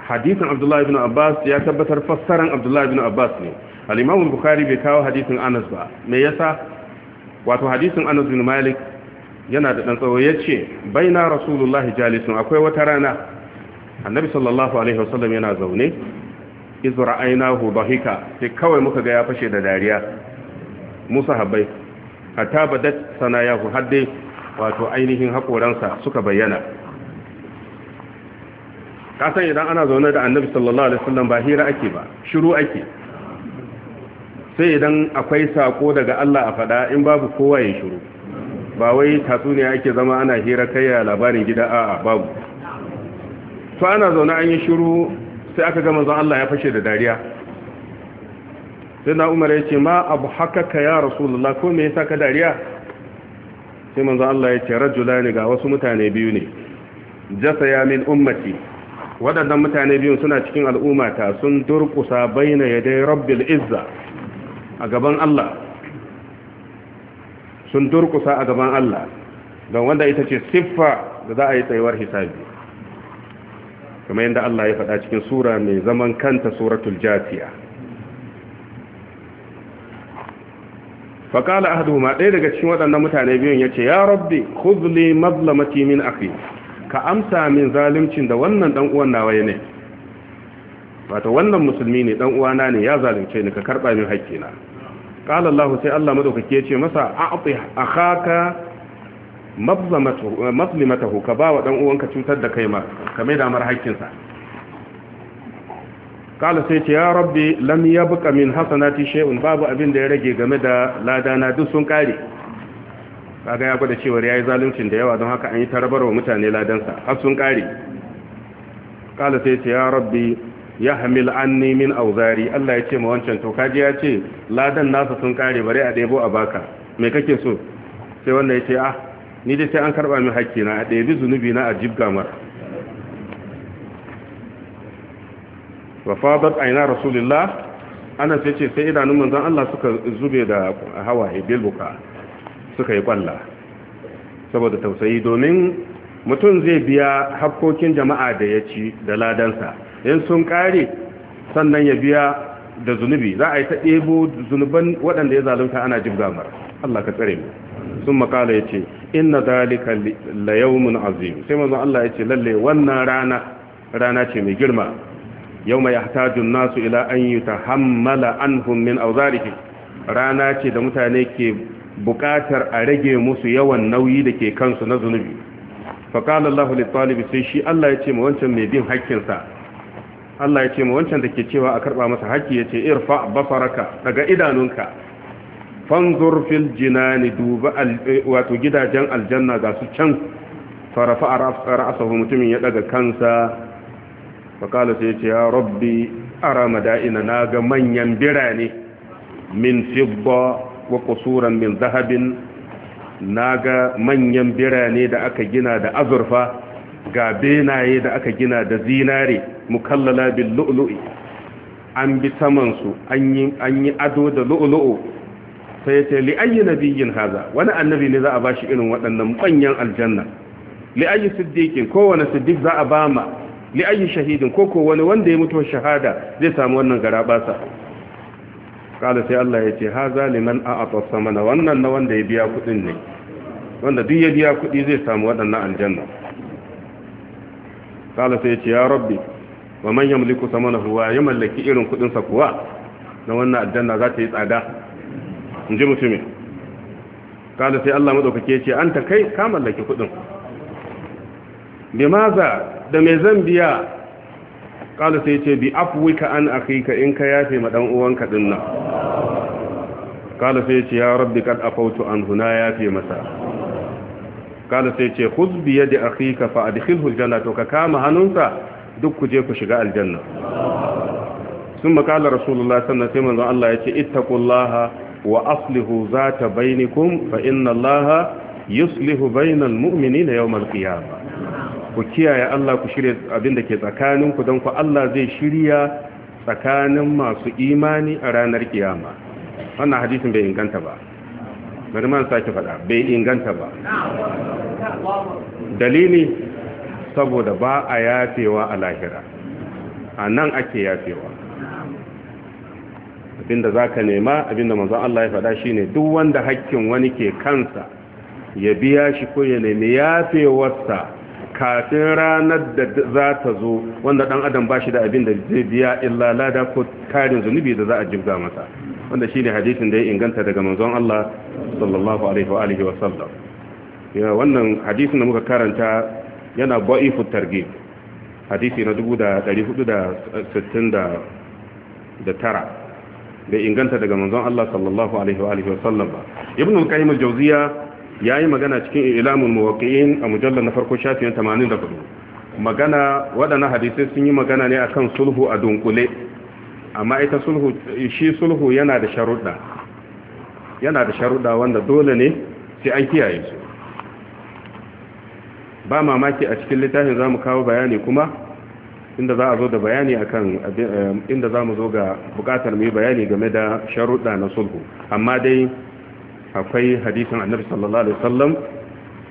[SPEAKER 1] hadisin abdullahi bin abbas ya tabbatar fassaran abdullahi bin abbas ne al bukhari bai kawo hadisin anas ba me yasa wato hadisin anas bin malik yana da ya tsawo bai baina rasulullahi jalisun akwai wata rana annabi sallallahu alaihi wasallam yana zaune ra'ainahu ainahu bahika sai kawai muka ga ya fashe da dariya musa habai hatta badat sanayahu hadde wato ainihin hakoransa suka bayyana ka san idan ana zaune da annabi sallallahu alaihi wasallam ba hira ake ba shiru ake sai idan akwai sako daga Allah a fada in babu kowa ya shiru ba wai tatsuniya ake zama ana hira kai ya labarin gida a babu to ana zaune an yi shiru sai aka ga manzon Allah ya fashe da dariya sai na Umar ya ce ma abu haka ka ya rasulullah ko me yasa ka dariya sai manzon Allah ya ce rajulani ga wasu mutane biyu ne jasa ya min ummati waɗannan mutane biyun suna cikin al'ummata sun durkusa baina yadai rabbil izza a gaban Allah sun durkusa a gaban Allah don wanda ita ce siffa da za a yi tsayuwar hisabi kuma yadda Allah ya faɗa cikin sura mai zaman kanta suratul jatiya faƙala ahaduhuma ɗaya daga cikin waɗannan mutane biyun ya ce ya rabbi khuzli mazlamati min akhi ka amsa min zalimcin da wannan dan uwan nawa ne wato wannan musulmi ne dan uwana ne ya zalunce ni ka karba min haƙƙina qala Allah sai Allah madaukake ya ce masa a'ti akhaka mazlimatahu ka bawa dan uwanka cutar da kai ma ka mai da mar sa qala sai ce ya rabbi lam yabqa min hasanati shay'un babu abin da ya rage game da ladana duk sun kare kaga ya gwada cewar yi zaluncin da yawa don haka an yi tarabar wa mutane ladansa har sun kare kala sai ce ya rabbi ya hamil anni min auzari Allah ya ce ma wancan to kaji ya ce ladan nasa sun kare bare a ɗebo a baka me kake so sai wanda ya ce ah ni dai sai an karba min hakki na a ɗebi zunubi na a jibga mara wa fadat aina rasulullah ana sai ce sai idanun manzon Allah suka zube da hawaye bilbuka suka yi kwalla saboda tausayi domin mutum zai biya hakkokin jama'a da ya ci da ladansa in sun kare sannan ya biya da zunubi za a yi ta ɗebo zunuban waɗanda ya zalunta ana jin gamar Allah ka tsare mu sun makala ya ce inna zalika la azim sai mazu Allah ya ce lalle wannan rana rana ce mai girma yau mai yahtaju nasu ila an yi ta yutahammala anhum min awzarihim rana ce da mutane ke buƙatar a rage musu yawan nauyi da ke kansu na zunubi faƙalar Allah littalibi sai shi Allah ya ce ma wancan mai bin haƙƙinsa Allah ya ce ma wancan da ke cewa a karɓa masa haƙƙi ya ce irfa bafaraka daga idanunka fanzur fil jinani duba wato gidajen aljanna ga su can farafa ra'asahu mutumin ya daga kansa faƙalar sai ce ya rabbi ara mada'ina na ga manyan birane min fibba wa kusuran min zahabin naga manyan birane da aka gina da azurfa ga benaye da aka gina da zinare mukallala bil lu'lu'i an bi saman su an yi ado da lu'lu'u sai ya li ayyi nabiyin haza wani annabi ne za a bashi irin waɗannan manyan aljanna li ayyi siddiqin wani siddiq za a bama li ayyi shahidin ko ko wani wanda ya mutu shahada zai samu wannan sa kada sai Allah ya ce ha zaliman a atsa mana wannan na wanda ya biya kudin ne wanda duk ya biya kudi zai samu waɗannan aljanna kada sai ya ce ya rabbi wa man yamliku samana huwa ya mallaki irin kudin sa kuwa na wannan aljanna za ta yi tsada in ji mutumin kada sai Allah madaukake ya ce an ta kai ka mallaki kudin maza da me zan biya kala sai ce bi afwika an akhika in ka yafe ma dan uwanka dinnan kala sai ce ya rabbi kad afautu anhu na yafe masa kala sai ce khuz bi yadi kafa a adkhilhu aljanna to ka kama hannunsa duk ku je ku shiga aljanna sun makala rasulullah sannan sai manzon Allah ya ce ittaqullaha wa aslihu zata bainakum fa inna allaha yuslihu mumini mu'minina yawmal qiyamah ku kiyaye Allah ku shirya abin da ke tsakaninku don ku Allah zai shirya tsakanin masu imani a ranar kiyama wannan hadisin bai inganta ba bari man sake faɗa bai inganta ba dalili saboda ba a yafewa a lahira a nan ake yafewa abinda za ka nema abinda manzon Allah ya faɗa shine duk wanda hakkin wani ke kansa ya biya shi ko ya nemi yafewarsa kafin ranar da za ta zo wanda dan adam ba shi da abin da zai biya illa lada ko tarin zunubi da za a jibga masa wanda shi ne hadisin da ya inganta daga manzon Allah sallallahu alaihi wa alihi wa sallam ya wannan hadisin da muka karanta yana ba'ifu targhib hadisi na 1469 bai inganta daga manzon Allah sallallahu alaihi wa alihi wa sallam ba ibn al-qayyim al-jawziya ya yi magana cikin ilamun mawaƙi'in a mujallar na farko shafiyan 84 magana waɗannan hadisai sun yi magana ne akan sulhu a dunkule amma ita sulhu shi sulhu yana da sharuɗa yana da sharuɗa wanda dole ne sai an kiyaye su ba mamaki a cikin littafin za mu kawo bayani kuma inda za a zo da bayani akan eh, inda za mu zo ga bukatar mai bayani game da sharuɗa na sulhu amma dai akwai hadisin annabi sallallahu alaihi wasallam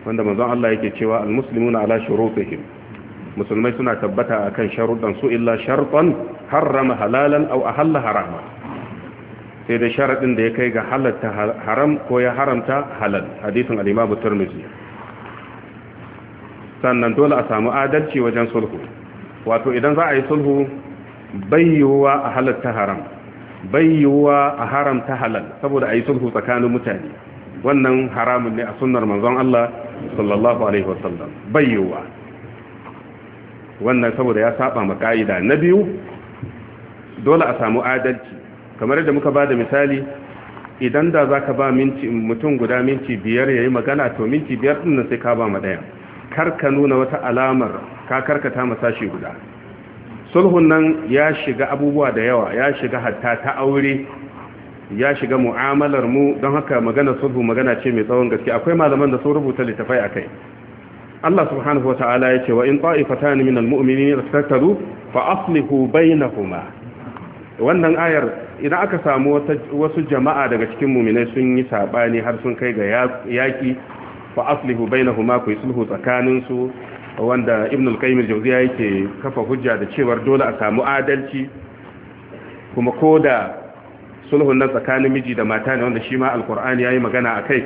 [SPEAKER 1] wanda manzon Allah yake cewa almuslimuna ala shurutihim musulmai suna tabbata akan sharuɗan su illa shartan harrama halalan aw ahalla harama sai da sharadin da ya kai ga halatta haram ko ya haramta halal hadisin al-Imam Tirmidhi sannan dole a samu adalci wajen sulhu wato idan za a yi sulhu bai yiwuwa a halatta haram bai yiwuwa a haramta halal saboda a yi sulhu tsakanin mutane wannan haramun ne a sunnar manzon Allah sallallahu alaihi wasallam bai yiwuwa wannan saboda ya saba ma ka'ida na biyu dole a samu adalci kamar yadda muka ba da misali idan da za ka ba mutum guda minti biyar ya yi magana to minti biyar din sai ka ba ma ɗaya. kar ka nuna wata alamar ka karkata masashi guda sulhun nan ya shiga abubuwa da yawa ya shiga hatta ta aure ya shiga mu'amalar mu don haka magana sulhu magana ce mai tsawon gaske akwai malaman da sun rubuta littafai akai Allah subhanahu wata'ala ya ce wa in ta'ifatan min almu'minina istakaru fa aslihu bainahuma wannan ayar idan aka samu wasu jama'a daga cikin mu'minai sun yi sabani har sun kai ga yaki fa aslihu bainahuma ku sulhu tsakanin su wanda ibn al-qayyim jawziya yake kafa hujja da cewar dole a samu adalci kuma koda sulhun nan tsakanin miji da mata ne wanda shi ma ya yayi magana akai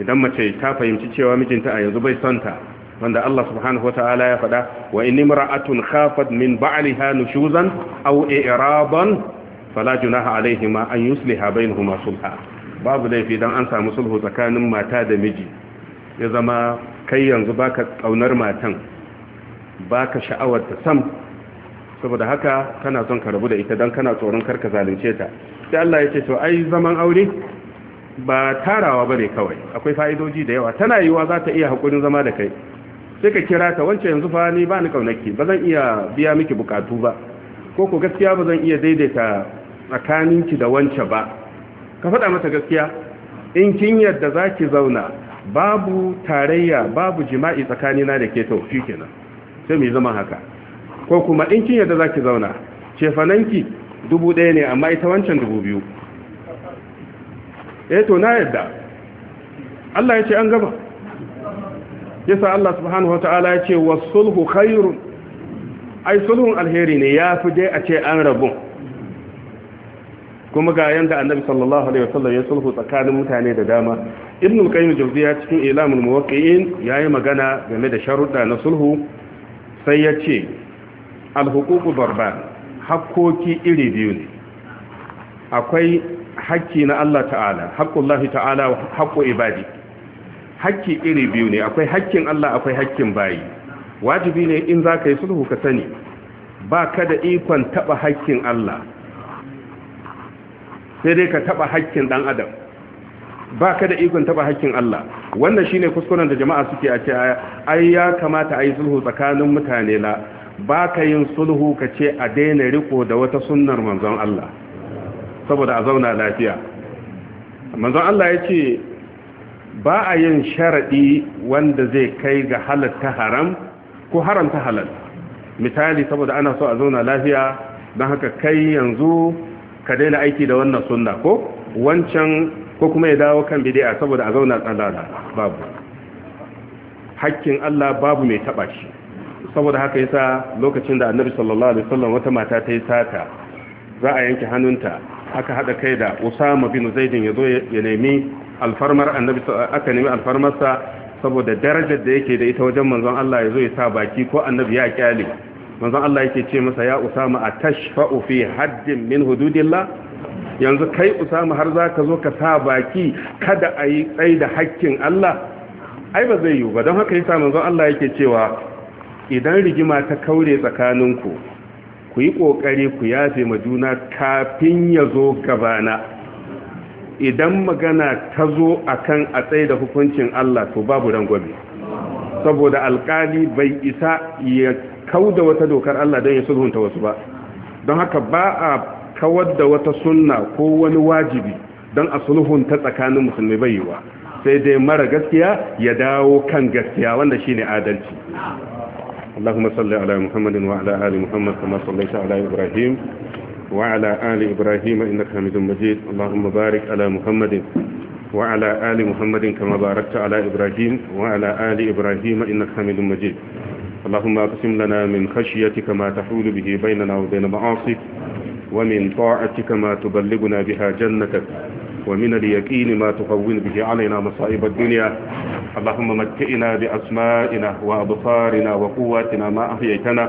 [SPEAKER 1] idan mace ta fahimci cewa mijinta a yanzu bai son ta wanda Allah subhanahu wataala ya faɗa wa inni mar'atun khafat min ba'liha nushuzan aw i'raban fala junaha alaihima an yusliha bainahuma sulha babu laifi dan an samu sulhu tsakanin mata da miji ya zama kai yanzu baka kaunar matan baka sha'awar ta sam saboda haka kana son ka rabu da ita dan kana tsoron karka zalunce ta sai Allah ya ce to ai zaman aure ba tarawa bane kawai akwai fa'idoji da yawa tana yiwa za ta iya hakurin zama da kai sai ka kira ta wance yanzu fa ni ba ni kaunarki ba zan iya biya miki bukatu ba ko ko gaskiya ba zan iya daidaita tsakaninki da wance ba ka faɗa mata gaskiya in kin yadda zaki zauna babu tarayya babu jima'i tsakanina da ke taufi kenan sai mu zama haka ko kuma in kin yadda zaki zauna cefananki dubu ɗaya ne amma ita wancan dubu biyu eh to na yadda Allah ya ce an gaba yasa Allah subhanahu wataala ya ce wasulhu khairun ai sulhun alheri ne ya fi dai a ce an rabu kuma ga yanda annabi sallallahu alaihi wasallam ya sulhu tsakanin mutane da dama ibn al-qayyim jawziya cikin ilamul muwaqqi'in yayi magana game da sharuɗa na sulhu sai ya ce al-huququ darban hakkoki iri biyu ne akwai hakki na Allah ta'ala haqqullahi ta'ala wa haqqu ibadi hakki iri biyu ne akwai hakkin Allah akwai hakkin bayi wajibi ne in zaka yi sulhu ka sani ba ka da ikon taba hakkin Allah sai dai ka taba hakkin dan adam ba ka da ikon taba hakkin Allah wannan shine kuskuren da jama'a suke a ce ai ya kamata a yi sulhu tsakanin mutane la ba ka yin sulhu ka ce a daina riko da wata sunnar manzon Allah saboda a zauna lafiya manzon Allah ya ce ba a yin sharaɗi wanda zai kai ga halatta haram ko haramta halal misali saboda ana so a zauna lafiya don haka kai yanzu ka daina aiki da wannan sunna ko wancan ko kuma ya dawo kan bidiya saboda a zauna tsallada babu hakkin Allah babu mai taba shi saboda haka yasa lokacin da Annabi sallallahu alaihi wasallam wata mata ta yi sata za a yanke hannunta aka hada kai da Usama bin Zaid ya zo ya nemi alfarmar Annabi aka nemi alfarmar sa saboda darajar da yake da ita wajen manzon Allah ya zo ya sa baki ko Annabi ya kyale manzon Allah yake ce masa ya Usama atashfa fi haddin min hududillah yanzu kai usama har za ka zo ka sa baki kada a yi tsaye da hakkin Allah ai ba zai yiwu ba don haka yasa manzon Allah yake cewa idan rigima ta kaure tsakaninku ku yi ƙoƙari ku yafe ma juna kafin ya zo gabana idan magana ta zo akan a tsaye da hukuncin Allah to babu rangwami saboda alƙali bai isa ya kauda wata dokar Allah don ya sulhunta wasu ba don haka ba a kawar da wata sunna ko wani wajibi don a sulhunta tsakanin tsakanin bai baiwa sai dai mara gaskiya ya dawo kan gaskiya wanda shine adalci Allahumma salli ala Muhammadin wa ala ali Muhammad kama sallaita ala Ibrahim wa ala Ibrahim innaka Hamidum Majid Allahumma barik Muhammadin wa ala ali Muhammadin kama barakta Ibrahim wa ala ali Ibrahim innaka Hamidum Majid اللهم اقسم لنا من خشيتك ما تحول به بيننا وبين ومن طاعتك ما تبلغنا بها جنتك ومن اليقين ما تقوين به علينا مصائب الدنيا اللهم متئنا بأسمائنا وأبصارنا وقواتنا ما أحييتنا